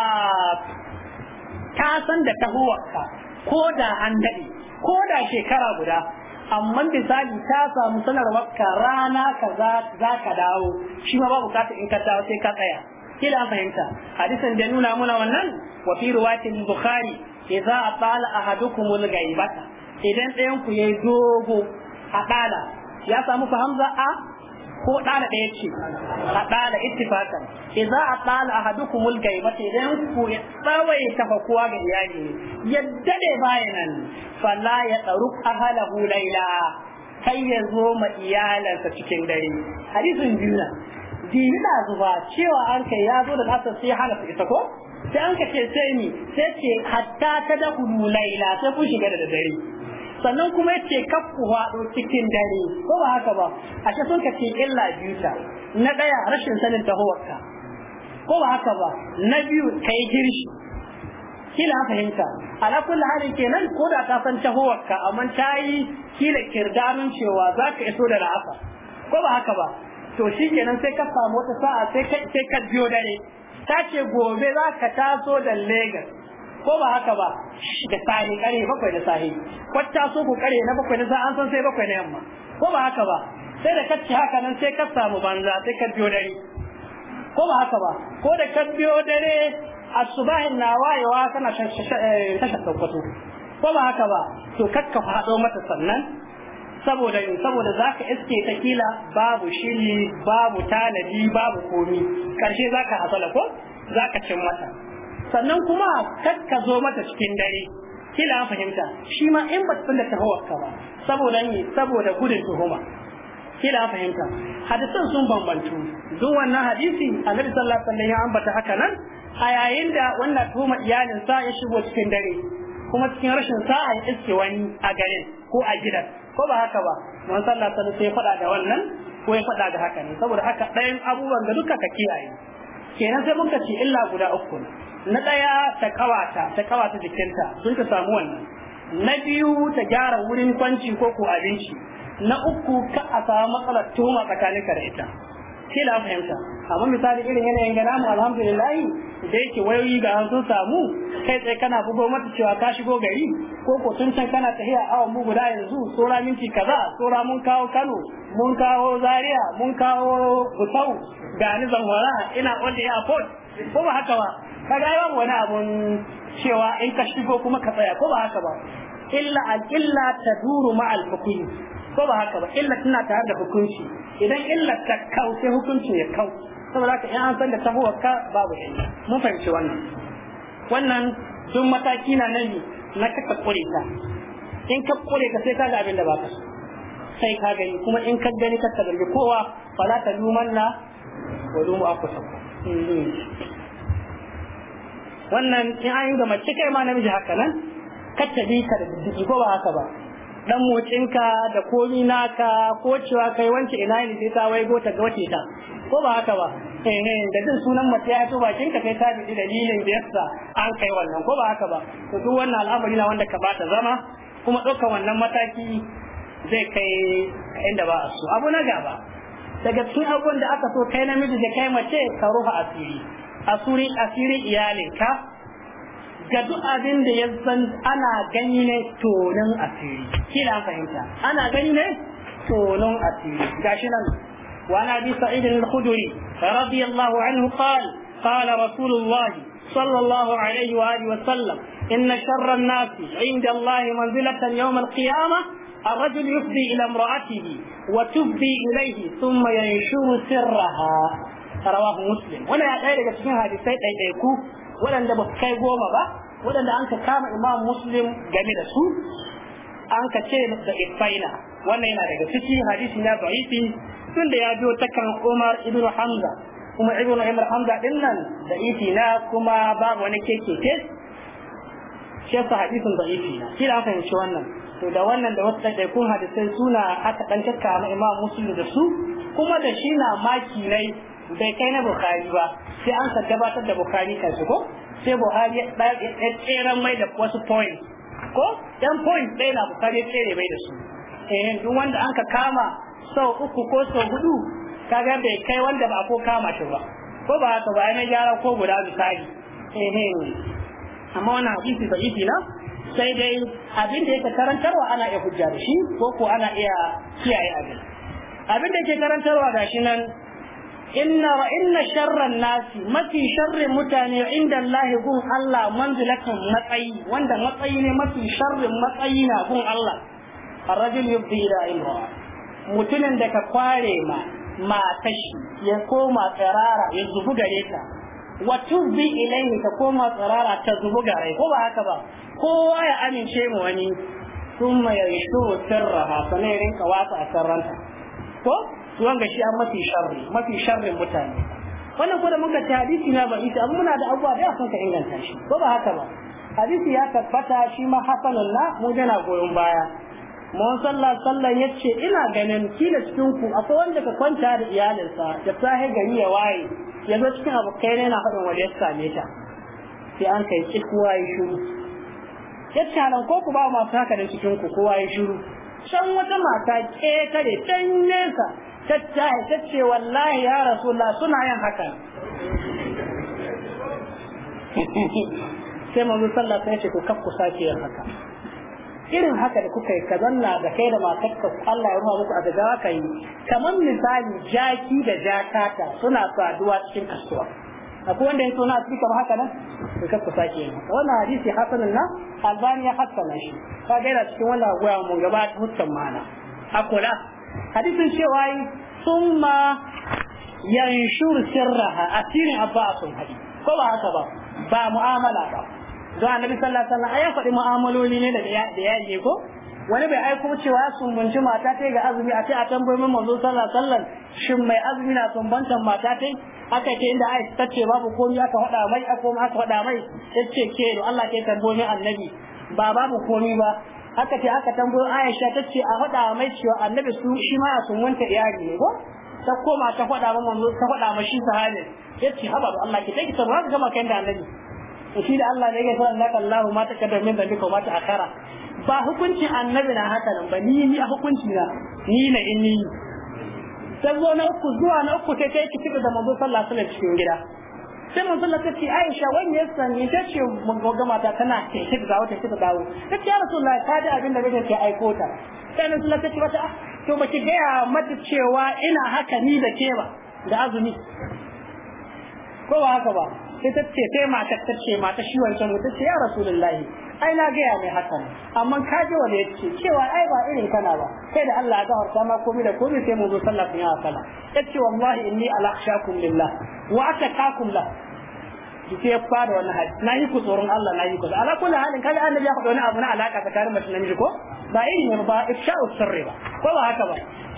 ta san da tahowarka ko da an daɗe ko da shekara guda amma misali ta samu sanarwarka rana ka za ka dawo shi ma babu kata in ka dawo sai ka tsaya kila fahimta hadisan da nuna muna wannan wa fi a bukhari idza atala ahadukumul ghaibata idan ɗayan ku yayi dogo a tsala ya samu fa a ko ɗala ɗaya ce a ɗala ittifaqan idza atala ahadukum al-ghaibata idan ku tsawai tafakuwa ga iyali yadda ne bayanan fala ya tsaruk ahlahu laila kai ya zo ma iyalansa cikin dare hadisin juna dini zuba cewa an kai ya zo da asar sai hana su ita ko sai an ka ce sai ni sai ce hatta ta da laila sai kun shiga da dare sannan kuma yace kafku hado cikin dare ko ba haka ba a ce sun ka ce illa biyu ta na daya rashin sanin tahowarka ko ba haka ba na biyu kai girshi kila fahimta ala kulli hali kenan ko da ta san tahowarka amma ta yi kila kirdarin cewa za ka iso da ra'afa ko ba haka ba to shi nan sai ka samu wata sa'a sai ka biyo dare ta ce gobe za ka taso da Legas ko ba haka ba da sahi kare bakwai da sahi kwatta so ku kare na bakwai na za an san sai bakwai na yamma ko ba haka ba sai da kacce haka nan sai ka samu banza sai ka biyo dare ko ba haka ba ko da ka biyo dare asubahin na wayewa kana eh, tashar saukwato ko ba haka ba to kakka faɗo mata sannan saboda yin saboda za ka iske ta kila babu shiri babu tanadi babu komi ƙarshe za ka hasala ko za ka cin mata sannan kuma kakka zo mata cikin dare kila an fahimta shi ma in ba da ka ba saboda ni saboda gudun tuhuma kila an fahimta hadisan sun bambantu duk wannan hadisi annabi sallallahu alaihi wasallam ya ambata haka nan a yayin da wannan tuhuma iyalin sa ya shigo cikin dare kuma cikin rashin sa'a ya iske wani a garin ko a gidan ko ba haka ba mun sallallahu alaihi wasallam sai faɗa da wannan ko ya faɗa da haka ne saboda haka ɗayan abubuwan da duka ka kiyaye kenan sai muka ce illa guda uku ne na ɗaya ta kawata ta kawata jikinta sun ka samu wannan na biyu ta gyara wurin kwanci ko ko abinci na uku ka a samu matsalar tuma tsakanin ka da ita ke da fahimta amma misali irin yanayin gana mu alhamdulillah da yake wayoyi ga an sun samu kai tsaye kana bugo mata cewa ka shigo gari ko ko sun can kana tafiya awon mu guda yanzu tsora minti kaza tsora mun kawo Kano mun kawo Zaria mun kawo hutau ga ni Zamfara ina on the airport ko ba haka ba kaga ai babu wani abun cewa in ka shigo kuma ka tsaya ko ba haka ba illa al illa taduru ma al hukmi ko ba haka ba illa tana tare da hukunci idan illa ta kau sai hukuncin ya kau saboda haka in an san da tahuwar ka babu shi mun fahimci wannan wannan duk mataki na nan na kaka kure ta in ka kure ka sai ka ga abin da ba ka sai ka gani kuma in ka gani ka tarbi kowa fala ta lumanna wa lumu ku. wannan in an yi ga mace kai ma namiji haka nan kacce bi ka da diddigi ko ba haka ba dan mocinka da komi naka ko cewa kai wance ina ne sai ta waigo ta ga wace ta ko ba haka ba eh eh da jin sunan mace ya to bakin ka kai ta bi dalilin da yasa an kai wannan ko ba haka ba to duk wannan al'amari na wanda ka ba ta zama kuma ɗaukar wannan mataki zai kai inda ba a so abu na gaba daga cikin abubuwan da aka so kai namiji da kai mace ka rufa asiri asiri asiri iyalinka ga duk abin da ya san ana gani ne tonon asiri shi an fahimta ana gani ne tonon asiri gashi nan وعن ابي سعيد الخدري رضي الله عنه قال قال رسول الله صلى الله عليه واله وسلم ان شر الناس عند الله الرجل يفضي إلى امرأته وتفضي إليه ثم ينشر سرها رواه مسلم ولا غير cikin hadisai ɗaiɗaiku waɗanda ba kai goma ba waɗanda an ka kama imam muslim game da su an ka ce da ifaina wannan yana daga ciki hadisi na da'ifi tunda ya biyo takan umar ibn hamza kuma ibn umar hamza din nan da'ifi na kuma babu wani keke ce shi hadisin da'ifi na shi da aka fahimci wannan to da wannan da wasu kun hadisai suna aka dan kakka na imam muslim da su kuma da shi na maki nai bai kai na bukari ba sai an sa gabatar da bukari kan su ko sai buhari ya tseren mai da wasu point ko dan point ɗaya na bukari ya tsere mai da su eh duk wanda an ka kama sau uku ko sau hudu kaga bai kai wanda ba ko kama shi ba ko ba haka ba ya na gyara ko guda misali eh, eh. amma wannan hadisi da na sai dai abin da yake karantarwa ana iya hujja da shi ko ko ana iya kiyaye abin abin da yake karantarwa gashi nan inna wa inna sharran nasi mafi sharrin mutane inda Allah gun Allah manzilatan matsayi wanda matsayi ne mafi sharrin matsayi na gun Allah arrajul yubdi ila imra mutumin da ka kware ma ma tashi. ya koma tsirara ya zubu gare ta wa tuzbi ilaihi ta koma tsirara ta zubu rai ko ba haka ba kowa ya amince mu wani sun mai sirra ha sanai rinka wasa a sarranta ko tuwan ga shi an mafi sharri mafi sharrin mutane wannan ko da muka ci hadisi na bai ta muna da abubuwa da sun ka inganta shi ko ba haka ba hadisi ya tabbata shi ma hasanun na mu jana goyon baya mun sallah sallan yace ina ganin kila cikin ku akwai wanda ka kwanta da iyalinsa da sahe gari ya waye yanzu cikin abokai ne na faɗin wani ya same ta sai an kai ci kowa ya shuru yadda nan ko ku ba masu haka da cikin ku kowa ya shuru can wata mata ƙetare can nesa ta tahi ta ce wallahi ya rasulullah suna yin haka sai manzo sallah sai ce ku kafku sake yin haka irin haka da kuka yi ka zanna da kai da matarka Allah ya ruwa muku a daga haka yi kamar misali jaki da jakata suna saduwa cikin kasuwa akwai wanda ya suna a cikin kamar haka nan da kasu sake yi wannan hadisi hasanin na albani ya hasana shi ka gaira cikin wannan goya mu gaba ta hutsan mana a kula hadisin cewa yi sun ma yanshur sirraha asirin abba a sun haɗi ko ba haka ba ba mu'amala ba don annabi sallallahu alaihi wasallam ya faɗi mu'amaloli ne da ya da yayi ko wani bai aiko cewa sun sumbunci mata ta ga azumi a ce a mun manzo sallallahu alaihi wasallam shin mai azumi na banta mata ta aka ce inda ai ta ce babu komai aka faɗa mai aka kuma aka faɗa mai tace ke do Allah ke tambayoyin annabi ba babu komai ba aka ce aka tambayo Aisha ta ce a faɗa mai cewa annabi su shi ma sun wanta iyali ne ko ta koma ta faɗa ma manzo ta faɗa ma shi sahabi yace haba Allah ke take tambayar gama kai da annabi shi da Allah ne ya fara laka Allah ma ta kaddar min dambika ma ta akara ba hukunci annabi na haka nan ba ni ni hukunci na ni na in ni sai zo na uku zuwa na uku sai kai ki kici da manzo sallallahu alaihi wasallam cikin gida sai manzo sallallahu alaihi wasallam Aisha wani ya sani ta ce ga mata tana ce ki dawo ta ki dawo ta ce ya rasulullah ka da abin da kake aiko ta sai manzo sallallahu alaihi wasallam ta ce ah, to ki ga mata cewa ina haka ni da ke ba da azumi ko ba haka ba sai ce sai mata ta ce mata shi wancan mutum ce ya rasulullahi ai na gaya mai haka ne amma ka ji wanda ya ce cewa ai ba irin kana ba sai da Allah ya gafarta ma komai da komai sai mu zo sallah kun ya sallah ta ce wallahi inni alakhshakum lillah wa atakakum la sai ya fara wani hali na yi ku tsoron Allah na yi ku ala kulli halin kaga annabi ya faɗa wani abu na alaka tsakanin mace namiji ko ba irin ne ba ifsha'u sirri ba ko ba haka ba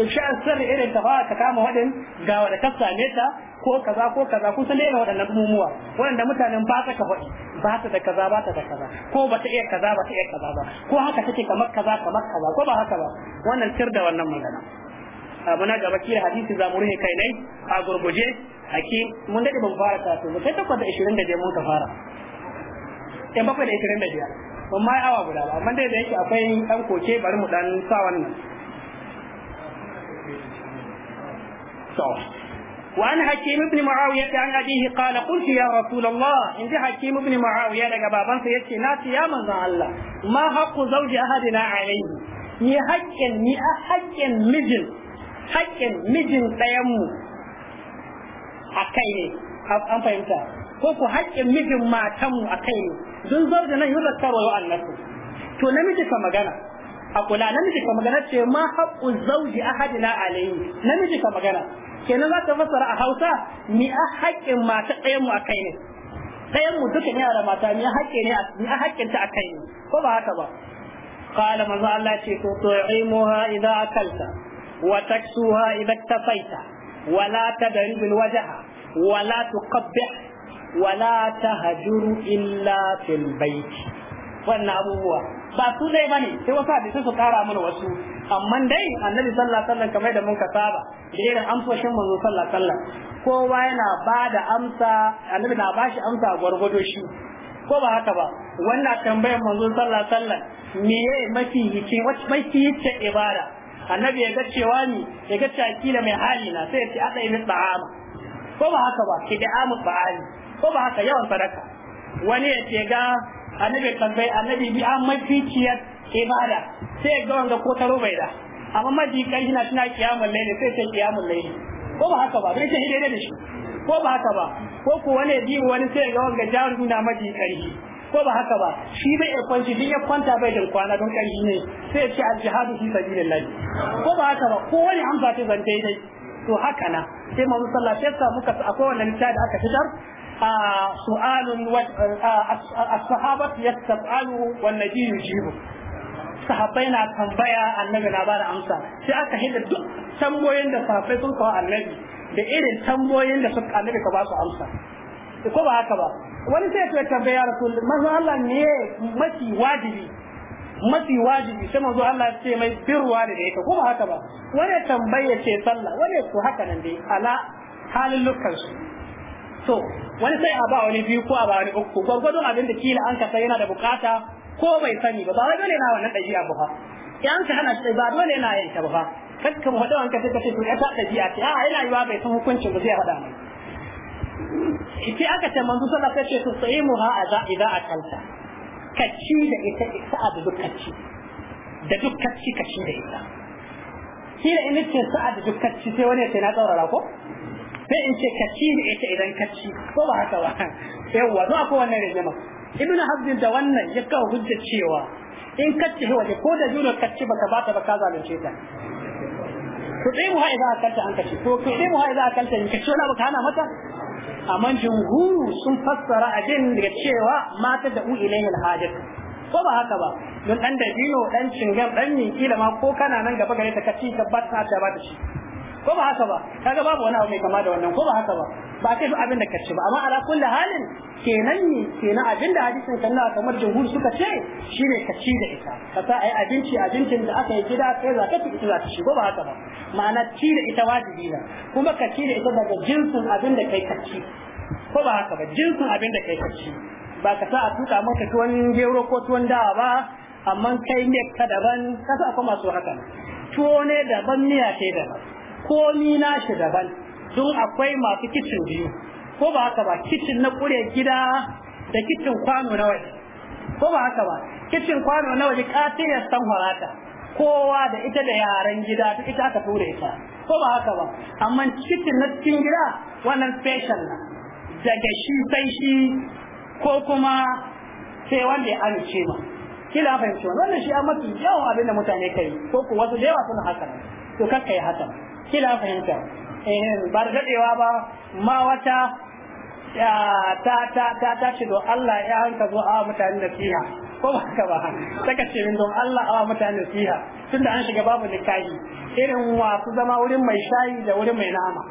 ifsha'u sirri irin ta fara ka kama wadin ga wanda ka same ta ko kaza ko kaza kun san dai waɗannan umumuwa waɗanda mutanen ba ka faɗi ba ta da kaza ba ta da kaza ko ba ta iya kaza ba ta iya kaza ba ko haka take kamar kaza kamar kaza ko ba haka ba wannan tir da wannan magana abu na gaba kira hadisi za mu rufe kai nai a gurguje hakim mun daɗe ban fara karatu ba sai takwas da ishirin da biyar mun ka fara yan bakwai da ishirin da biyar ban ma awa guda ba amma dai da yake akwai ɗan koke bari mu ɗan sa wannan. وعن حكيم بن معاوية عن أبيه قال قلت يا رسول الله إن حكيم بن معاوية لك بابا سيأتي ناس يا من الله ما حق زوج أحدنا عليه ni haƙƙin ni a haƙƙin mijin haƙƙin mijin ɗayanmu a kai ne an fahimta ko ku haƙƙin mijin matanmu a kai ne don zo da nan yi zakkar wa annasu to namiji ka magana a kula namiji ka magana ce ma haƙƙu zauji ahadina alayhi namiji ka magana kenan za ka fassara a hausa ni a haƙƙin mata ɗayan mu a kai ne ɗayan mu dukkan yara mata ni a haƙƙi ne ni a haƙƙin ta a kai ne ko ba haka ba qala manzo Allah ce ko tu'imuha idza akalta wa taksuha idza tafaita wa la tadrib alwajha wa la tuqabbih wa la tahjur illa fil bayt wannan abubuwa ba su dai bane sai wasu hadisi su kara mana wasu amma dai annabi sallallahu alaihi wasallam kamar da mun ka saba da irin amsoshin manzo sallallahu alaihi wasallam kowa yana ba da amsa annabi na bashi amsa gwargwado shi ko ba haka ba wannan tambayar manzo sallallahu alaihi wasallam meye mafi yake wacce mafi yake ibada annabi ya ga cewa ni ya ga cewa mai hali na sai ya ce ada min ta'ama ko ba haka ba ki da amu ba'ali ko ba haka yawan sadaka wani ya ce ga annabi tambayi annabi bi an maficiyar ibada sai ga wanda ko taro bai da amma maji kai shi na tana kiyamul laili sai sai kiyamul laili ko ba haka ba bai sai daidai da shi ko ba haka ba ko ko wani bi wani sai ga wanda jaru na maji kai ko ba haka ba shi bai ya kwanci din ya kwanta bai da kwana don kai ne sai ya ce al-jihadu fi sabilillah ko ba haka ba ko wani amsa ta zan daidai to haka na sai mu sallah sai ka muka akwai wannan littafi da aka fitar سؤال الصحابة يستسأله والنبي يجيبه sahabbai na tambaya annabi na bada amsa sai aka hidda duk tambayoyin da sahabbai sun kawo annabi da irin tambayoyin da suka annabi ka ba su amsa ko ba haka ba wani sai ya tambaya rasul manzo Allah ne mafi wajibi mafi wajibi sai manzo Allah ya ce mai birwa da ita ko ba haka ba wani tambaya ce sallah wani ko haka nan dai ala halin lukansu So wani sai a ba wani biyu ko a ba wani uku gwargwadon abin da kila an kasa yana da bukata ko bai sani ba ba wai dole na wannan ɗabi'a ba fa yan ka hana shi ba dole na yin ta ba fa kakka mu faɗa wanka sai ka ce to ita a ce a yana yiwa bai san hukuncin ba sai faɗa mai ita aka ce manzo sallallahu alaihi wasallam sai mu ha a za idza akalta kacci da ita ita abu dukkanci da dukkanci kacci da ita kila in ce sa'ad dukkanci sai wani ya na tsaurara ko sai in ce ka ci da ita idan ka ci ko ba haka ba yawwa don akwai wannan rigima ibn hazbin da wannan ya kawo hujjar cewa in ka ci waje ko da juna ka ci baka bata ba ka zalunce ta ku dai mu haɗa a kanta an kace ko ku dai mu haɗa a kanta in wani abu ka hana mata amma jumhuru sun fassara abin da cewa mata da u ilayhi alhajat ko ba haka ba don dan da dino dan cingam dan ni kila ma ko kana nan gaba gare ta kaci ka bata ta ba ta ci ko ba haka ba kaga babu wani abu mai kama da wannan ko ba haka ba ba kai duk abin da ka ce ba amma ala kulli halin kenan ne kenan abin da hadisin sallah kamar jumhur suka ce shine ka ci da ita ka sa ai abinci abincin da aka yi gida kai za ka ci ita za ta ci ko ba haka ba ma'ana ci da ita wajibi ne kuma kaci da ita daga jinsin abin da kai kaci, ko ba haka ba jinsin abin da kai kaci, ba ka sa a tuka maka tuwon gero ko tuwon dawa ba amma kai ne ka daban ka sa kuma so haka tuwo ne daban miya ce daban ko ni na shi daban don akwai masu kicin biyu ko ba haka ba kicin na kure gida da kicin kwano na waje ko ba haka ba kicin kwano na waje katiriyar san harata kowa da ita da yaran gida duk ita aka tura ita ko ba haka ba amma kicin na cikin gida wannan special na daga shi sai shi ko kuma sai wanda ya amince ma kila fahimci wannan shi a mafi yawan abin da mutane kai ko ku wasu da yawa suna haka to kakka ya haka kila fahimta eh, ba da dadewa ba ma wata ta ta ta ta ce don Allah ya hanka zo a da siya ko ba ka ba saka ce min don Allah a mutane siya tunda an shiga babu nikahi irin wa su zama wurin mai shayi da wurin mai nama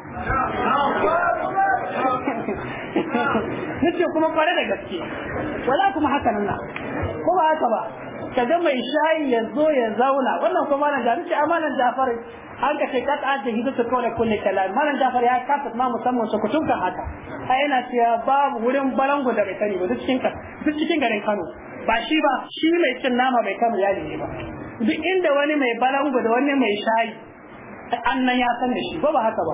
nace kuma kware da gaske wala kuma haka nan ko ba haka ba kaga mai shayi ya zo ya zauna wannan kuma na da nace ah, amanan Jafar an ka ce kat an ta hidda kawai kulli kalam malam jafar ya kasa ma musamman su kutun kan haka a yana cewa babu wurin balango da bai sani ba duk cikin duk garin Kano ba shi ba shi mai cin nama bai kama yadi ne ba duk inda wani mai balango da wani mai shayi annan ya san da shi ba ba haka ba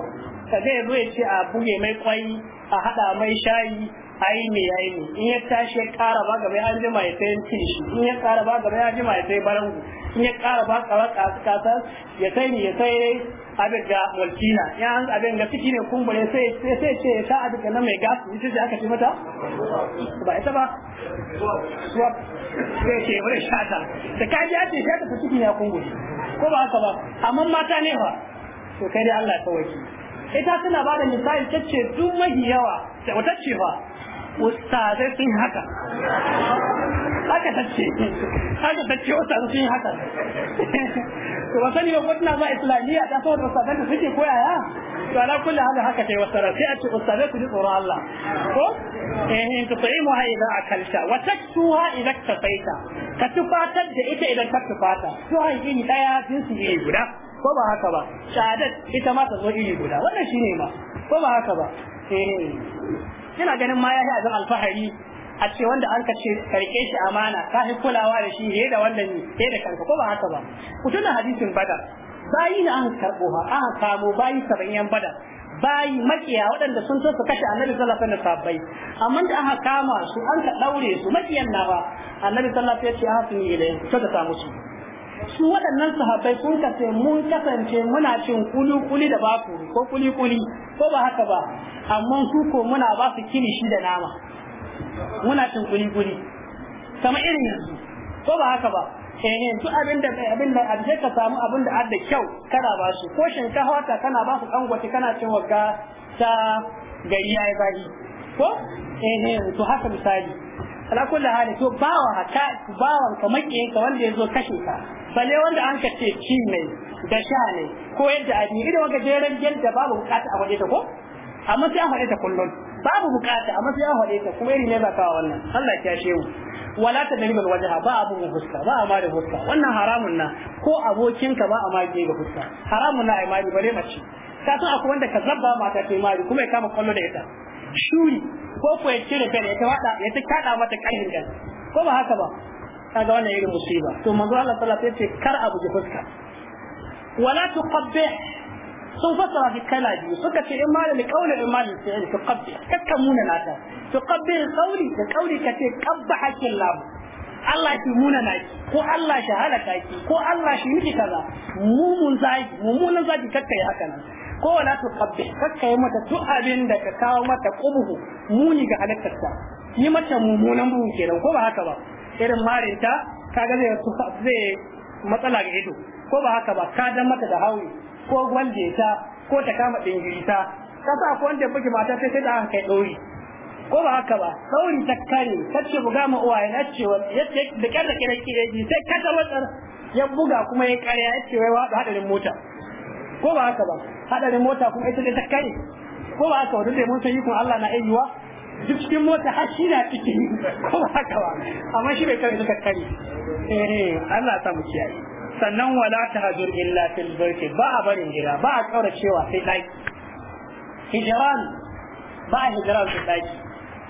kaga yazo ya ce a buge mai kwai a hada mai shayi ai me yayi ne in ya tashi ya kara ba gaba ya jima ya sai cin shi in ya kara ba gaba ya jima ya sai balango in ya ƙara baka baka a san ya sai ni ya sai abin da walkina ya an abin da ciki ne kumbure sai sai sai ce ya sha abin da na mai gas wuce da aka ce mata ba ita ba ya ce wani shata da kaji ya ce shata ta ciki ne kumbure ko ba haka ba amma mata ne ba. to kai dai Allah ta tsawaki ita suna ba da misali ta ce duk mahi yawa ta wata ce fa ustazai sun haka haka tace haka tace wata sun haka to ba sani ba wannan ba islamiyya ta so da sadan da suke koyaya to ala kulli hal haka tai wasara sai a ce ustaze ku ji tsoron Allah ko eh in tutaimu ha idan akalta wa taksuha idan tafaita ka tufatar da ita idan ka tufata to ha yin daya jinsi ne guda ko ba haka ba shahadat ita ma ta zo iri guda wannan shine ma ko ba haka ba eh ina ganin ma yayi azan alfahari a ce wanda an ka ce karke shi amana ka fi kulawa da shi ne da wanda ni sai da kanka ko ba haka ba ku tuna hadisin badar bayi na an karbo ha an samu bayi saba'in bada, badar bayi makiya waɗanda sun so su kashe annabi sallallahu alaihi wasallam amma da aka kama su an ka daure su makiyan na ba annabi sallallahu alaihi wasallam ya ce ha sun yi da ta samu su su waɗannan sahabbai sun kace mun kasance muna cin kuli-kuli da baku ko kuli-kuli ko ba haka ba amma su ko muna ba su kilishi da nama muna cin kuri kuri sama irin yanzu ko ba haka ba eh, eh duk abin da abin da abje ka samu abin da adda kyau kana ba su ko shinkafa ta kana ba su kangwace kana cin wagga ta gari yayi bari. ko eh, eh to haka misali ala kulli hali to bawa haka bawan ka makiyin ka wanda yazo kashe ka balle wanda an ka ce ci mai da sha ne ko yadda abin idan waka jeran gelda babu bukata a waje ta ko amma sai an faɗe ta kullum babu bukata amma sai an faɗe ta kuma irin ne ba kawo wannan Allah ya kyashe mu wala ta dalibal wajha ba abu mu fuska ba amma da fuska wannan haramun na ko abokinka ba amma ke ga fuska haramun na imani bare mace ka san akwai wanda ka zabba mata ta imani kuma ya kama kwallo da ita shuri ko ko ya cire ta ya wada ya ta kada mata kaihin gan ko ba haka ba kaga wannan irin musiba to manzo Allah sallallahu alaihi wasallam ya ce kar abu ji fuska wala tuqabbih sun fassara shi kala biyu suka ce in malami kauli in malami sai su qabbi kakka muna nata su qabbi kauli da kauli kace qabba hakkin labu Allah shi muna ki, ko Allah shi halaka ki ko Allah shi miki kaza mumun zagi mumunan zagi kakka yi haka nan ko wala tu qabbi kakka yi mata duk abin da ka kawo mata qubuhu muni ga halakkarta yi mata mumunan bugu kenan ko ba haka ba irin marinta kaga zai zai matsala ga ido ko ba haka ba ka dan mata da hawi ko gwanje ta ko ta kama dingiri ta kasa ko wanda bugi mata sai sai da aka kai dori ko ba haka ba sauri ta kare tace buga ma uwaye na cewa yace da kyar da kire kire ji sai kasa wasar ya buga kuma ya karya yace wai wada hadarin mota ko ba haka ba hadarin mota kuma ita ta kare ko ba haka ba duk mun san yikun Allah na ayyuwa duk cikin mota har shi na cikin ko ba haka ba amma shi bai kare ta kare eh, eh Allah ta mu kiyaye sannan wala ta tahjur illa fil baiti ba a barin gida ba a kauracewa sai daki hijran ba a hijran sai daki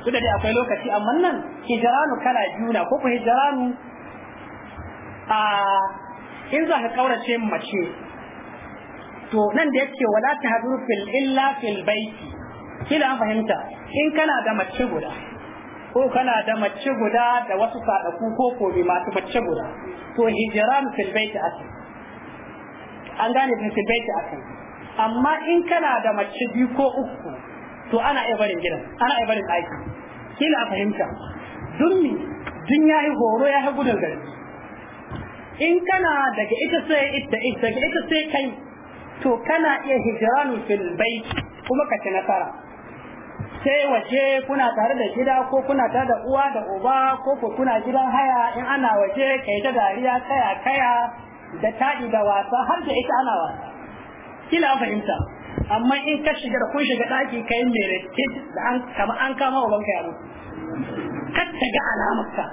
su da dai akwai lokaci amma nan hijranu kana juna ko ku hijranu a in za ka kaurace mace to nan da yake wala tahjur fil illa fil baiti kila an fahimta in kana da mace guda ko kana da mace guda da wasu sadaku ko kobe masu mace guda to hijiran fil baiti akai an gane fil baiti akai amma in kana da mace biyu ko uku to ana iya barin gidan ana iya barin aiki kila a fahimta dummi ya yi horo ya ha gudun gari in kana daga ita sai ita ita daga ita sai kai to kana iya hijranu fil bait kuma ka ci nasara sai waje kuna tare da gida ko kuna tare da uwa da uba ko ko kuna gidan haya in ana waje kai ta dariya kaya kaya da taɗi da wasa har da ita ana wasa kila fahimta amma in ka shiga da kun shiga daki kai mere da an kama an kama uban ka yaro Ka ta ga alamarka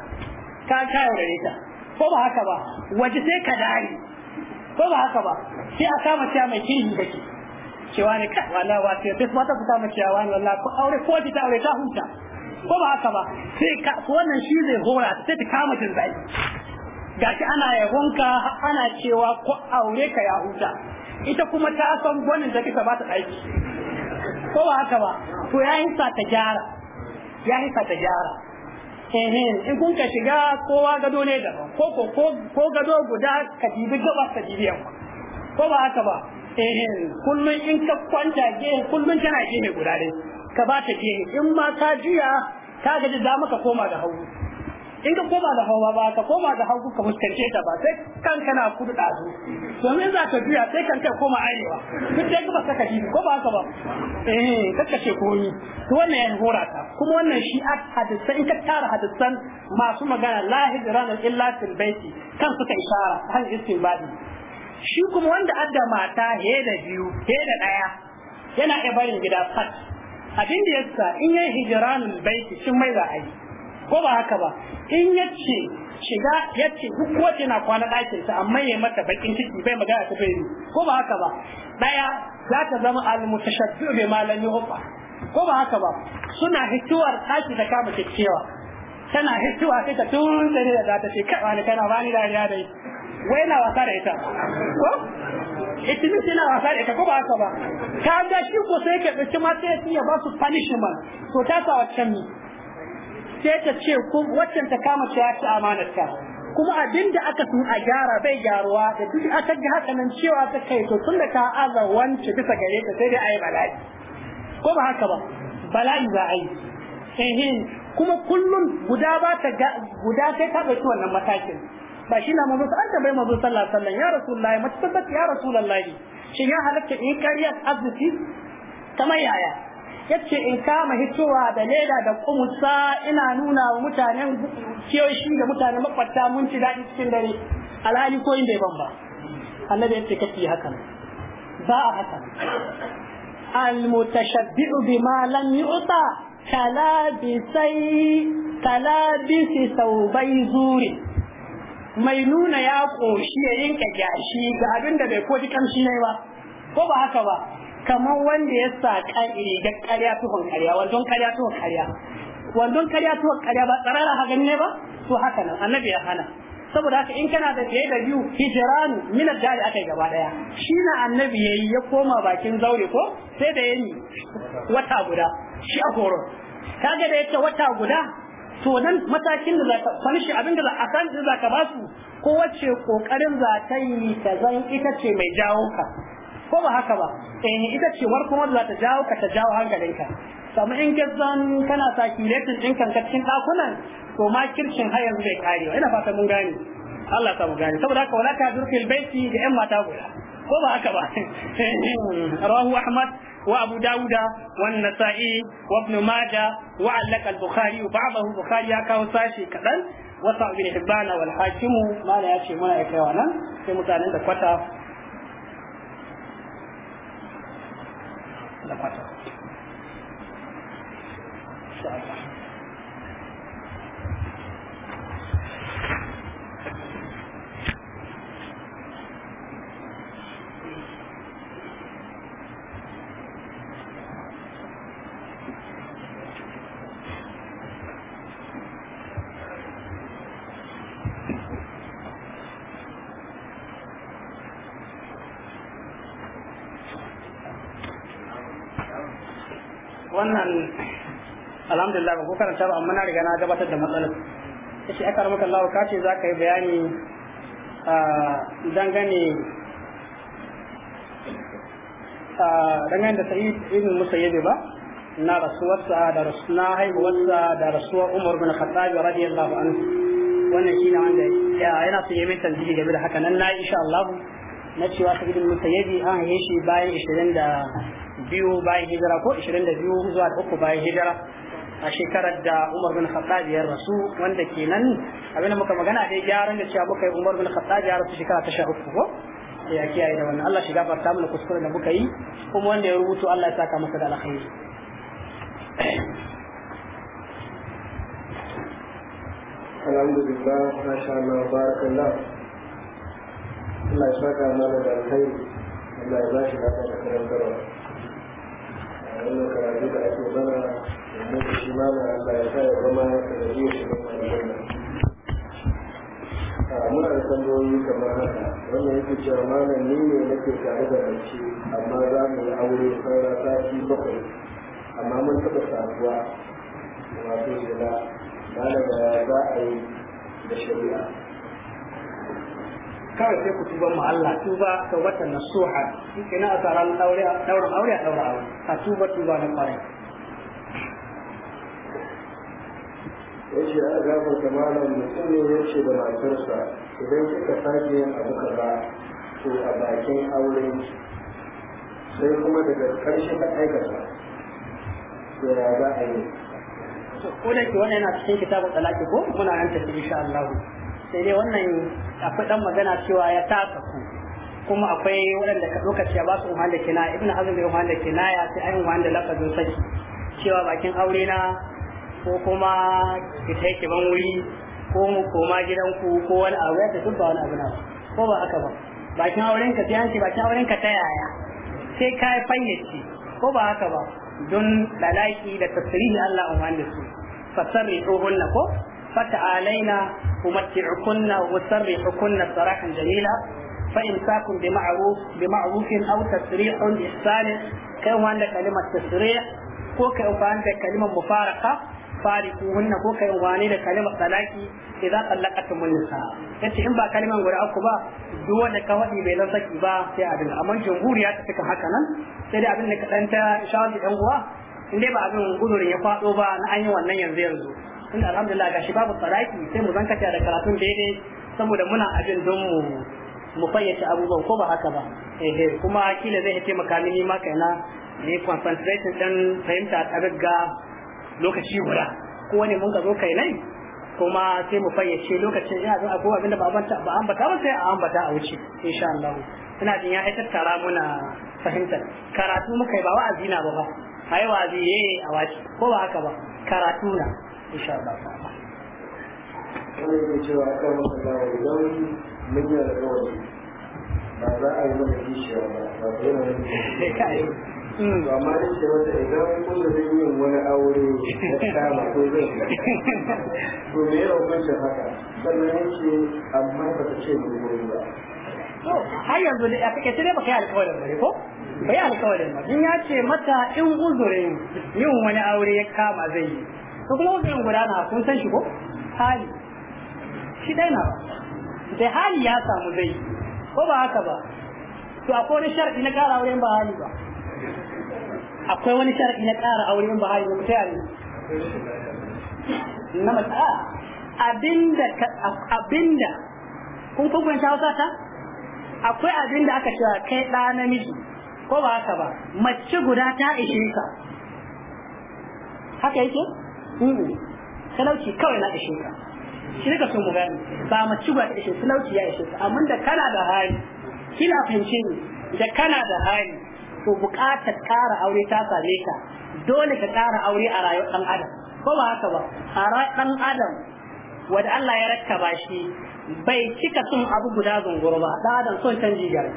ka ka yaudare ta ko ba haka ba waje sai ka dari ko ba haka ba sai a kama ta mai kin kake cewa ne kai wala wa sai sai mata fita ma cewa ne wallahi ko aure ko ta aure ta huta ko ba haka ba sai ka wannan shi zai hora sai ta kama jin zai gashi ana yabonka ana cewa ko aure ka ya huta ita kuma ta san gwanin da kika ba ta aiki ko ba haka ba to ya hisa ta gyara ya hisa ta gyara in kun ka shiga kowa gado ne da? ko ko ko gado guda ka dibi gaba ka dibi yamma ko ba haka ba Eh, kullum in ka kwanta gehe kullum tana mai guda dai ka ba ta gehe in ma ka jiya ka gaji za ka koma da hagu in ka koma da hawa ba ka koma da hagu ka fuskance ta ba sai kan kana kudu da su domin za ka juya sai kan ka koma arewa duk dai ba saka ji ko ba ka ba eh kaka ce koyi to wannan ya hora ta kuma wannan shi a hadisan in ka tara hadisan masu magana la hijrana illa fil baiti kan suka isara har istinbadi shi kuma wanda adda mata he da biyu he da daya yana iya barin gida fat abin da yasa in yayi hijranul baiti shin mai za a yi ko ba haka ba in yace shiga yace duk wata na kwana dakin ta amma yayi mata bakin ciki bai magana ta bai ko ba haka ba daya za ta zama al-mutashaddu bi malami hufa ko ba haka ba suna hituwar ɗaki da kama kicewa tana hituwa sai ta tun da da ta ce kai wani kana bani riya dai wai yana wasa da ita ko itimin yana wasa da ita ko ba haka ba ka ga shi ko sai ka ɗauki ma sai ya ba su punishment to ta sa waccan ni sai ta ce ko waccan ta kama ta ci amanar kuma abin da aka tun a gyara bai gyaruwa da duk aka ga haka nan cewa ta kai to tun da ka aza wance bisa gare ta sai dai yi bala'i ko ba haka ba bala'i za a yi kuma kullum guda ba ta guda sai ta ɗauki wannan matakin ba shi na manzo an tambayi manzo sallallahu alaihi wasallam ya rasulullahi mata tabbata ya rasulullahi shin ya halatta in kariya arziki kamar yaya yace in kama hitowa da leda da kumusa ina nuna wa mutanen kiyoshi da mutanen makwabta mun ci daɗi cikin dare alhali ko in bai ban ba annabi yace kace hakan ba a hakan المتشبع بما لم يعطى كلابسي كلابس ثوبي زور mai nuna ya ƙoshi ya rinka gyashi ga abin da bai koji kamshi ne ba ko ba haka ba kamar wanda ya sa ƙari eh, ga ƙarya tuhon ƙarya wandon ƙarya tuhon ƙarya wandon ƙarya tuhon ƙarya ba tsarara hagan ne ba to haka nan annabi ya hana saboda haka in kana da fiye da biyu hijiranu min dari aka yi gaba daya shi na annabi ya yi ya koma bakin zaure ko sai da yani wata guda shi a horon kaga da yake wata guda to nan matakin da za ka shi abin da a san da za ka ba su ko wacce kokarin za ta yi ta zan ita ce mai jawo ka ko ba haka ba eh ita ce war kuma za ta jawo ka ta jawo hankalinka kuma in ka zan kana sa kiletin din kanka cikin dakunan to ma kircin har yanzu bai karewa ina fata mun gane Allah ta mu gane saboda haka wala ta zurfil baiti da yan mata guda ko ba haka ba rahu ahmad وأبو داود والنسائي وابن ماجة وعلق البخاري وبعضه البخاري كاو ساشي كذا وصع بن حبان والحاكم ما لا يشي ما يكوانا في متعلم دكوتا دكوتا إن شاء الله wannan alhamdulillah ba ko karanta ba amma na riga na gabatar da matsalar ce aka ramaka Allah ka ce ka yi bayani dangane dangane da Sa'id ibn Musayyib ba na rasuwarsa da na haihuwarsa da rasuwar Umar bin Khattab radiyallahu anhu wannan shi ne wanda yana so yayin tanjiji game da haka nan na insha Allah na cewa Sa'id ibn Musayyib an yi shi bayan 20 da biyu bayan hijira ko 22 zuwa da uku bayan hijira a shekarar da Umar bin Khattab ya rasu wanda kenan abin da muka magana dai gyaran da cewa muka yi Umar bin Khattab ya rasu shekara ta uku ko ya kiyaye da wannan Allah shiga ta mana kuskuren da muka yi kuma wanda ya rubuto Allah ya saka masa da alkhairi alhamdulillah masha Allah barakallah Allah ya saka mana da alkhairi Allah ya bashi lafiya da karantarwa wannan karatu da ake mana domin da shi ma Allah ya sa ya zama sanadiyar shi na aljanna a muna da tambayoyi kamar haka wannan yake cewa malam ni ne nake tare da rance, amma za mu yi aure saura sati bakwai amma mun taɓa saduwa wato da malam za a yi da shari'a kawai sai ku tuba mu Allah tuba ga watan nasuha shi na a tsaron daure daura aure a daura aure a tuba tuba na kwarai yace a gaba da malam mutum ne yace da matarsa idan kika sake yin abu kaza to a bakin aure sai kuma daga karshe ka aikata to ya za a yi ko da ke wannan yana cikin kitabun talaki ko muna nan tafi insha Allah sai dai wannan akwai dan magana cewa ya taka ku kuma akwai waɗanda ka lokaci ba su umar da kina ibn azumi bai umar da ya sai an umar da lafazin saki cewa bakin aure na ko kuma ki ta yake ban wuri ko mu koma gidanku ko wani abu ya tafi ba wani abu na ko ba haka ba bakin auren ka sai an bakin auren ka ta yaya sai ka yi fayyace ko ba haka ba don lalaki da tasiri Allah umar da su fasarri ko ko فتعالينا أمتعكن وأسرحكن سراحا جميلا فإمساك بمعروف بمعروف أو تسريح بإحسان كيف عندك كلمة تسريح ko ka amfani da kalimar mufaraka fariku hunna ko ka amfani da kalimar talaki idan tallaqatum nisa yace in ba kalimar guda uku ba duk wanda ka wadi bai lan ba sai abin amma jumhuriya ta fika haka nan sai dai abin da ka dan ta shawadi in dai ba abin gudurin ya kwado ba na an yi wannan yanzu yanzu tunda alhamdulillah gashi babu tsaraki sai mu zanka da karatun daidai saboda muna abin don mu mu fayyace abubuwan ko ba haka ba eh kuma kila zai makami ni ma kaina ne concentration dan fahimta ta ga lokaci guda ko wani mun ga zo kai nai kuma sai mu fayyace lokacin ina zo akwai abinda ba ambata ba ambata ba sai a ambata a wuce insha Allah ina jin ya tara muna fahimtar karatu muka yi ba wa'azi na ba ba ai wa'azi eh a wace ko ba haka ba karatu na insha Allah ta'ala wannan yake cewa kan masallawa idan mun yi ba za a yi mana kishiya ba ba ta yana yin ba hmm. amma ce mata idan kun da zai yin wani aure da kama ko zai to me ya hukunta haka sannan yake amma ba ta ce mu gurin ba har yanzu da kake sai baka yi alƙawarin ba ko bai alƙawarin ba in ya ce mata in uzurin yin wani aure ya kama zai yi to kuma wannan gudana kun san shi ko hali shi dai na da hali ya samu zai ko ba haka ba to akwai wani sharadi na ƙara auren ba hali ba akwai wani sharadi na ƙara auren ba hali ba ta yi na mata abinda abinda kun kwanta hausa ta akwai abinda aka cewa kai ɗa namiji ko ba haka ba mace guda ta ishe ka haka yake talauci kawai na ishe ka shi ne ka so mu gani ba mace ba ishe talauci ya ishe ka amma da kana da hali kina fahimce ni da kana da hali to buƙatar ƙara aure ta same ka dole ka ƙara aure a rayuwar ɗan adam ko ba haka ba a rayuwar ɗan adam wanda Allah ya rattaba shi bai cika son abu guda zunguru ba ɗan adam son canji gare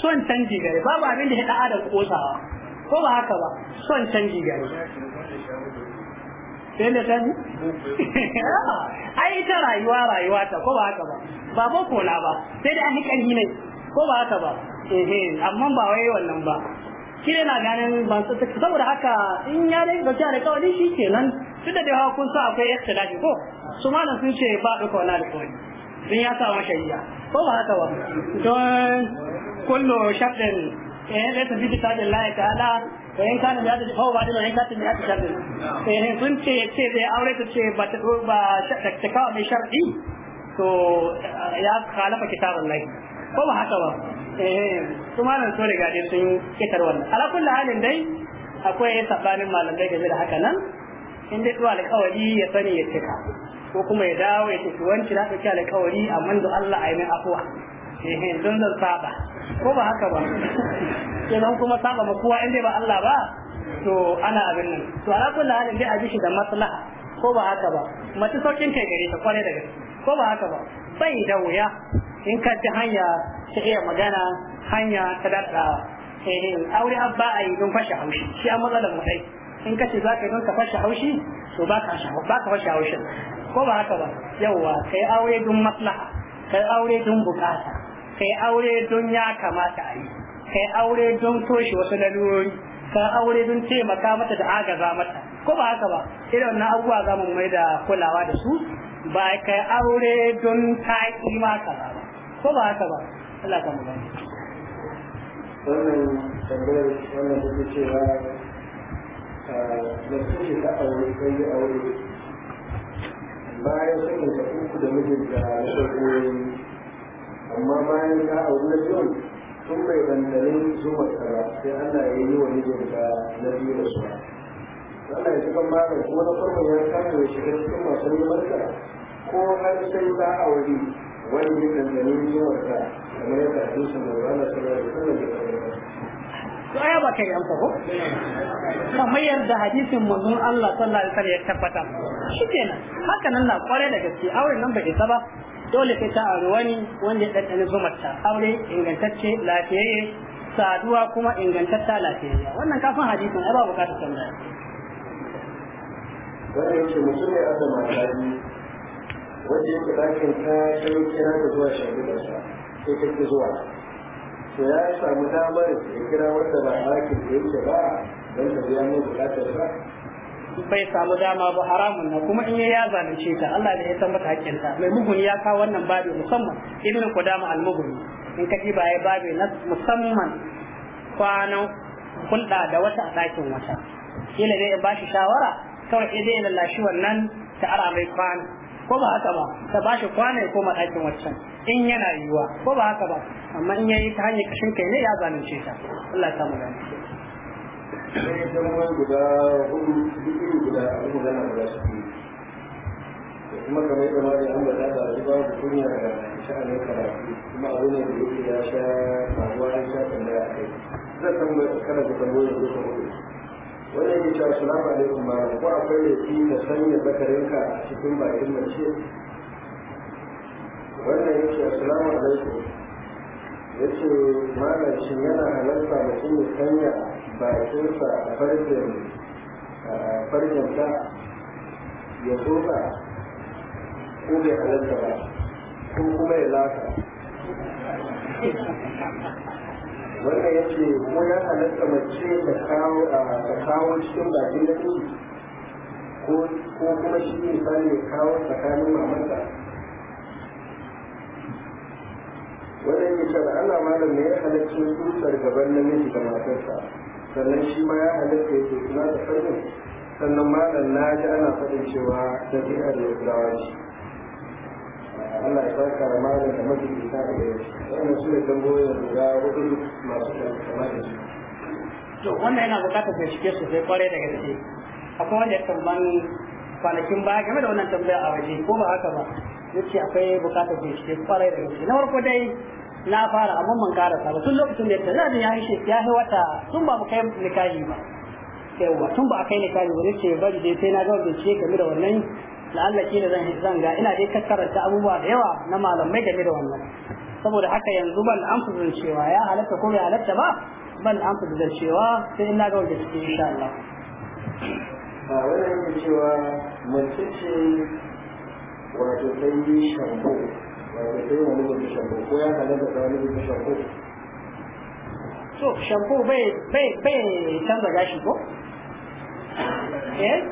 son canji gare babu abin da ya ɗan adam kosawa ko ba haka ba son canji gare sai me sani ai ta rayuwa rayuwa ta ko ba haka ba ba boko na ba sai dai an hikari ne ko ba haka ba eh amma ba wai wannan ba shi ne na ganin ban su saboda haka in ya dai dauki alƙawari shi kenan duk da dai kun sa akwai ikhtilafi ko su malam sun ce ba duka wani alƙawari sun ya sa mashariya ko ba haka ba don kullu shafin eh laysa bi kitabin Allah ta'ala in kana da da fawo ba da in ka tuni eh, sun ce ce zai aure ta ce ba ta ba ta kawo mai sharri to eh, kitabun lahi ko ba haka ba eh kuma nan dai sun kitar wannan ala kulli halin akwai sabanin malamai game da haka nan in dai zuwa alƙawari ya sani ya cika ko kuma ya dawo ya tafi wanci na ɗauki alƙawari amma da Allah a yi min afuwa eh don zan saba ko ba haka ba idan kuma saba ma kowa inda ba Allah ba to ana abin nan to ala kullu halin dai a bishi da maslaha ko ba haka ba mace saukin kai gare ta kware da ko ba haka ba sai da wuya in ka ji hanya ta iya magana hanya ta daddawa eh aure abba a yi don fashe haushi shi a matsalar mu dai in ka ce za ka don ka fashe haushi to ba ka fashe haushin ko ba haka ba yawwa kai aure don maslaha kai aure don bukata kai aure don ya kamata a yi kai aure don toshe wasu lalurori ka aure don taimaka mata da agaza mata ko ba haka ba irin wannan abubuwa za mu mai da kulawa da su ba kai aure don ta yi ma ba ko ba haka ba Allah ka mu gani wannan tambayar wannan take cewa da suke da aure sai yi aure bayan sun da uku da mijinta da shagoyin amma bayan ka auri na biyun sun bai dandanin su kara sai Allah ya yi wa mijinka na biyu da su Allah ya cikin malam kuma na farko ya kama da shiga cikin masu neman ka ko har sai za a wuri wani ya dandanin su ka kamar yadda hadisin da Allah sallallahu alaihi wasallam ya faɗa to ai ba kai yanka ko kamar yadda hadisin manzon Allah sallallahu alaihi wasallam ya tabbata shikenan haka nan na kware da gaske auren nan bai isa ba dole sai ta auri wani wanda ya ɗanɗani zumarta aure ingantacce lafiyayye saduwa kuma ingantatta lafiyayya wannan kafin hadisin ai ba bukatar tambaya wanda yake mutum ne aka mata biyu wanda yake ɗakin ta sai kira ta zuwa shagidarsa sai ta ki zuwa to ya samu damar ya kira wanda ba a ɗakin da yake ba don ta biya mai bukatarsa bai samu dama ba haramun na kuma in ya zalunce ta Allah da ya san mata hakkin ta mai muguni ya kawo wannan babu musamman ibn ku dama mughni in kaji ba ya babu na musamman kwano hulɗa da wata a ɗakin wata kila dai in ba shi shawara kawai ya dai lallashi wannan ta ara mai kwano ko ba haka ba ta ba shi kwano ya koma ɗakin wancan? in yana yiwuwa ko ba haka ba amma in yayi ta hanyar kashin kai ne ya zalunce ta Allah ya samu gani sai ita ruwan guda hudu biyu guda abin magana guda su biyu da kuma kamar yadda mari an bada da su ba da kunya da sha'anin karatu kuma abu ne da yake ya sha faruwa ya sha tambaya a kai zan san mai kana da tambayoyi da duka hudu wannan yake cewa salamu alaikum ma ko akwai laifi na sanya zakarinka a cikin bakin mace wannan yake assalamu alaikum yace malam shin yana halarta mutum ya sanya ba ya a farjin ta ya tofa ko bai halatta ba ko kuma ya lasa wanda ya ce ko ya halatta mace ta kawo cikin bakin da ko kuma shi ne sani ya kawo tsakanin mamanta wanda ya ce da ana malam ne ya halarci tutar gaban namiji da matarsa sannan shi ma ya halatta yake kula da fannin sannan malam na ji ana faɗin cewa da bi'a da yahudawa ce Allah ya saka da malam da mafi isa da ya ce wannan su ne tambayoyin guda hudu masu kama da su. to wannan yana bukatar bincike sosai kwarai da gaske akwai wanda ya tamban kwanakin baya game da wannan tambaya a waje ko ba haka ba yace akwai bukatar bincike kwarai da gaske na farko dai na fara amma man karasa ba tun lokacin da ya zai ya shi ya wata tun ba mu kai nikahi ba yawa tun ba kai nikahi ba ce bari dai sai na ga bincike game da wannan la'alla kila zan zan ga ina dai kakkaranta abubuwa da yawa na malamai game da wannan saboda haka yanzu ban an fuzin cewa ya halatta ko ya halatta ba ban an fuzin cewa sai in na ga wanda cikin insha Allah a wannan cewa mutunci ce wato sai shambo wato sai ko bai canza gashi ko eh?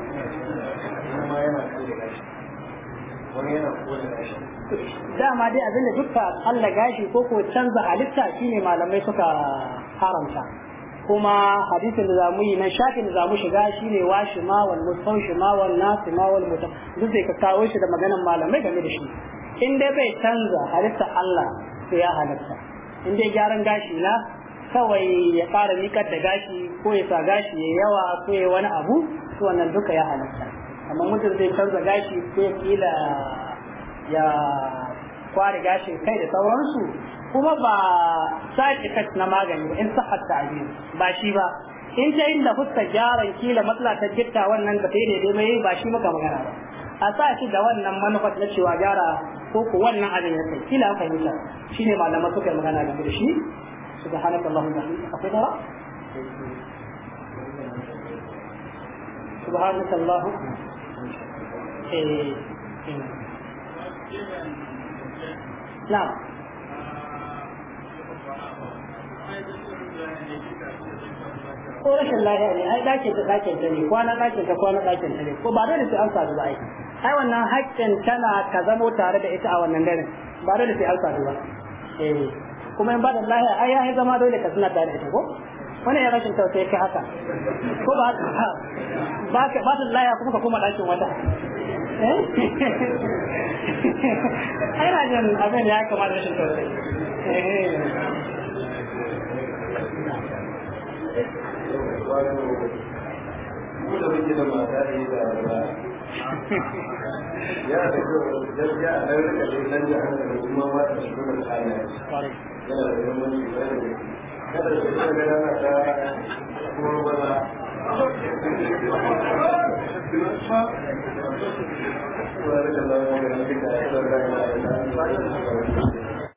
dama dai abinda dukka Allah gashi ko ko canza halitta shine malamai suka haramta kuma hadisin da zamu yi na shafin da zamu shiga shine washi ma wal mustawshi ma wal nasi ma wal mutam duk sai ka kawo shi da maganar malamai game da shi in dai bai canza halitta Allah sai ya halitta in dai gyaran gashi na kawai ya fara nikar da gashi ko ya sa gashi ya yawa ko ya wani abu to wannan duka ya halitta amma mutum zai canza gashi ko kila ya kware gashin kai da sauransu kuma ba side effect na magani ba in sahar ta'zim ba shi ba in ta inda fuska gyaran kila matsala ta gitta wannan ka sai daidai mai ba shi maka magana ba a sa shi da wannan manufar na cewa gyara ko ko wannan abin ya kai kila fahimta shine malama suka yi magana da shi subhanaka allahumma akwai dawa subhanaka allah eh, eh na'am ko rashin lafiya ne ai dakin ta dakin ta ne kwana dakin ta kwana dakin ta ne ko ba dole sai an sadu ba ai ai wannan haƙƙin tana ka zamo tare da ita a wannan garin ba dole sai an sadu ba eh kuma in ba da lafiya ai ai zama dole ka suna tare da ita ko wani ya rashin tausayi ka haka ko ba haka ba ka ba da lafiya kuma ka koma dakin wata eh ai rajin abin ya kamata rashin tausayi eh Thank you. wato mu da muke da mata da da ya da kyau a nan rika da hankali kuma ba ta shigo da da da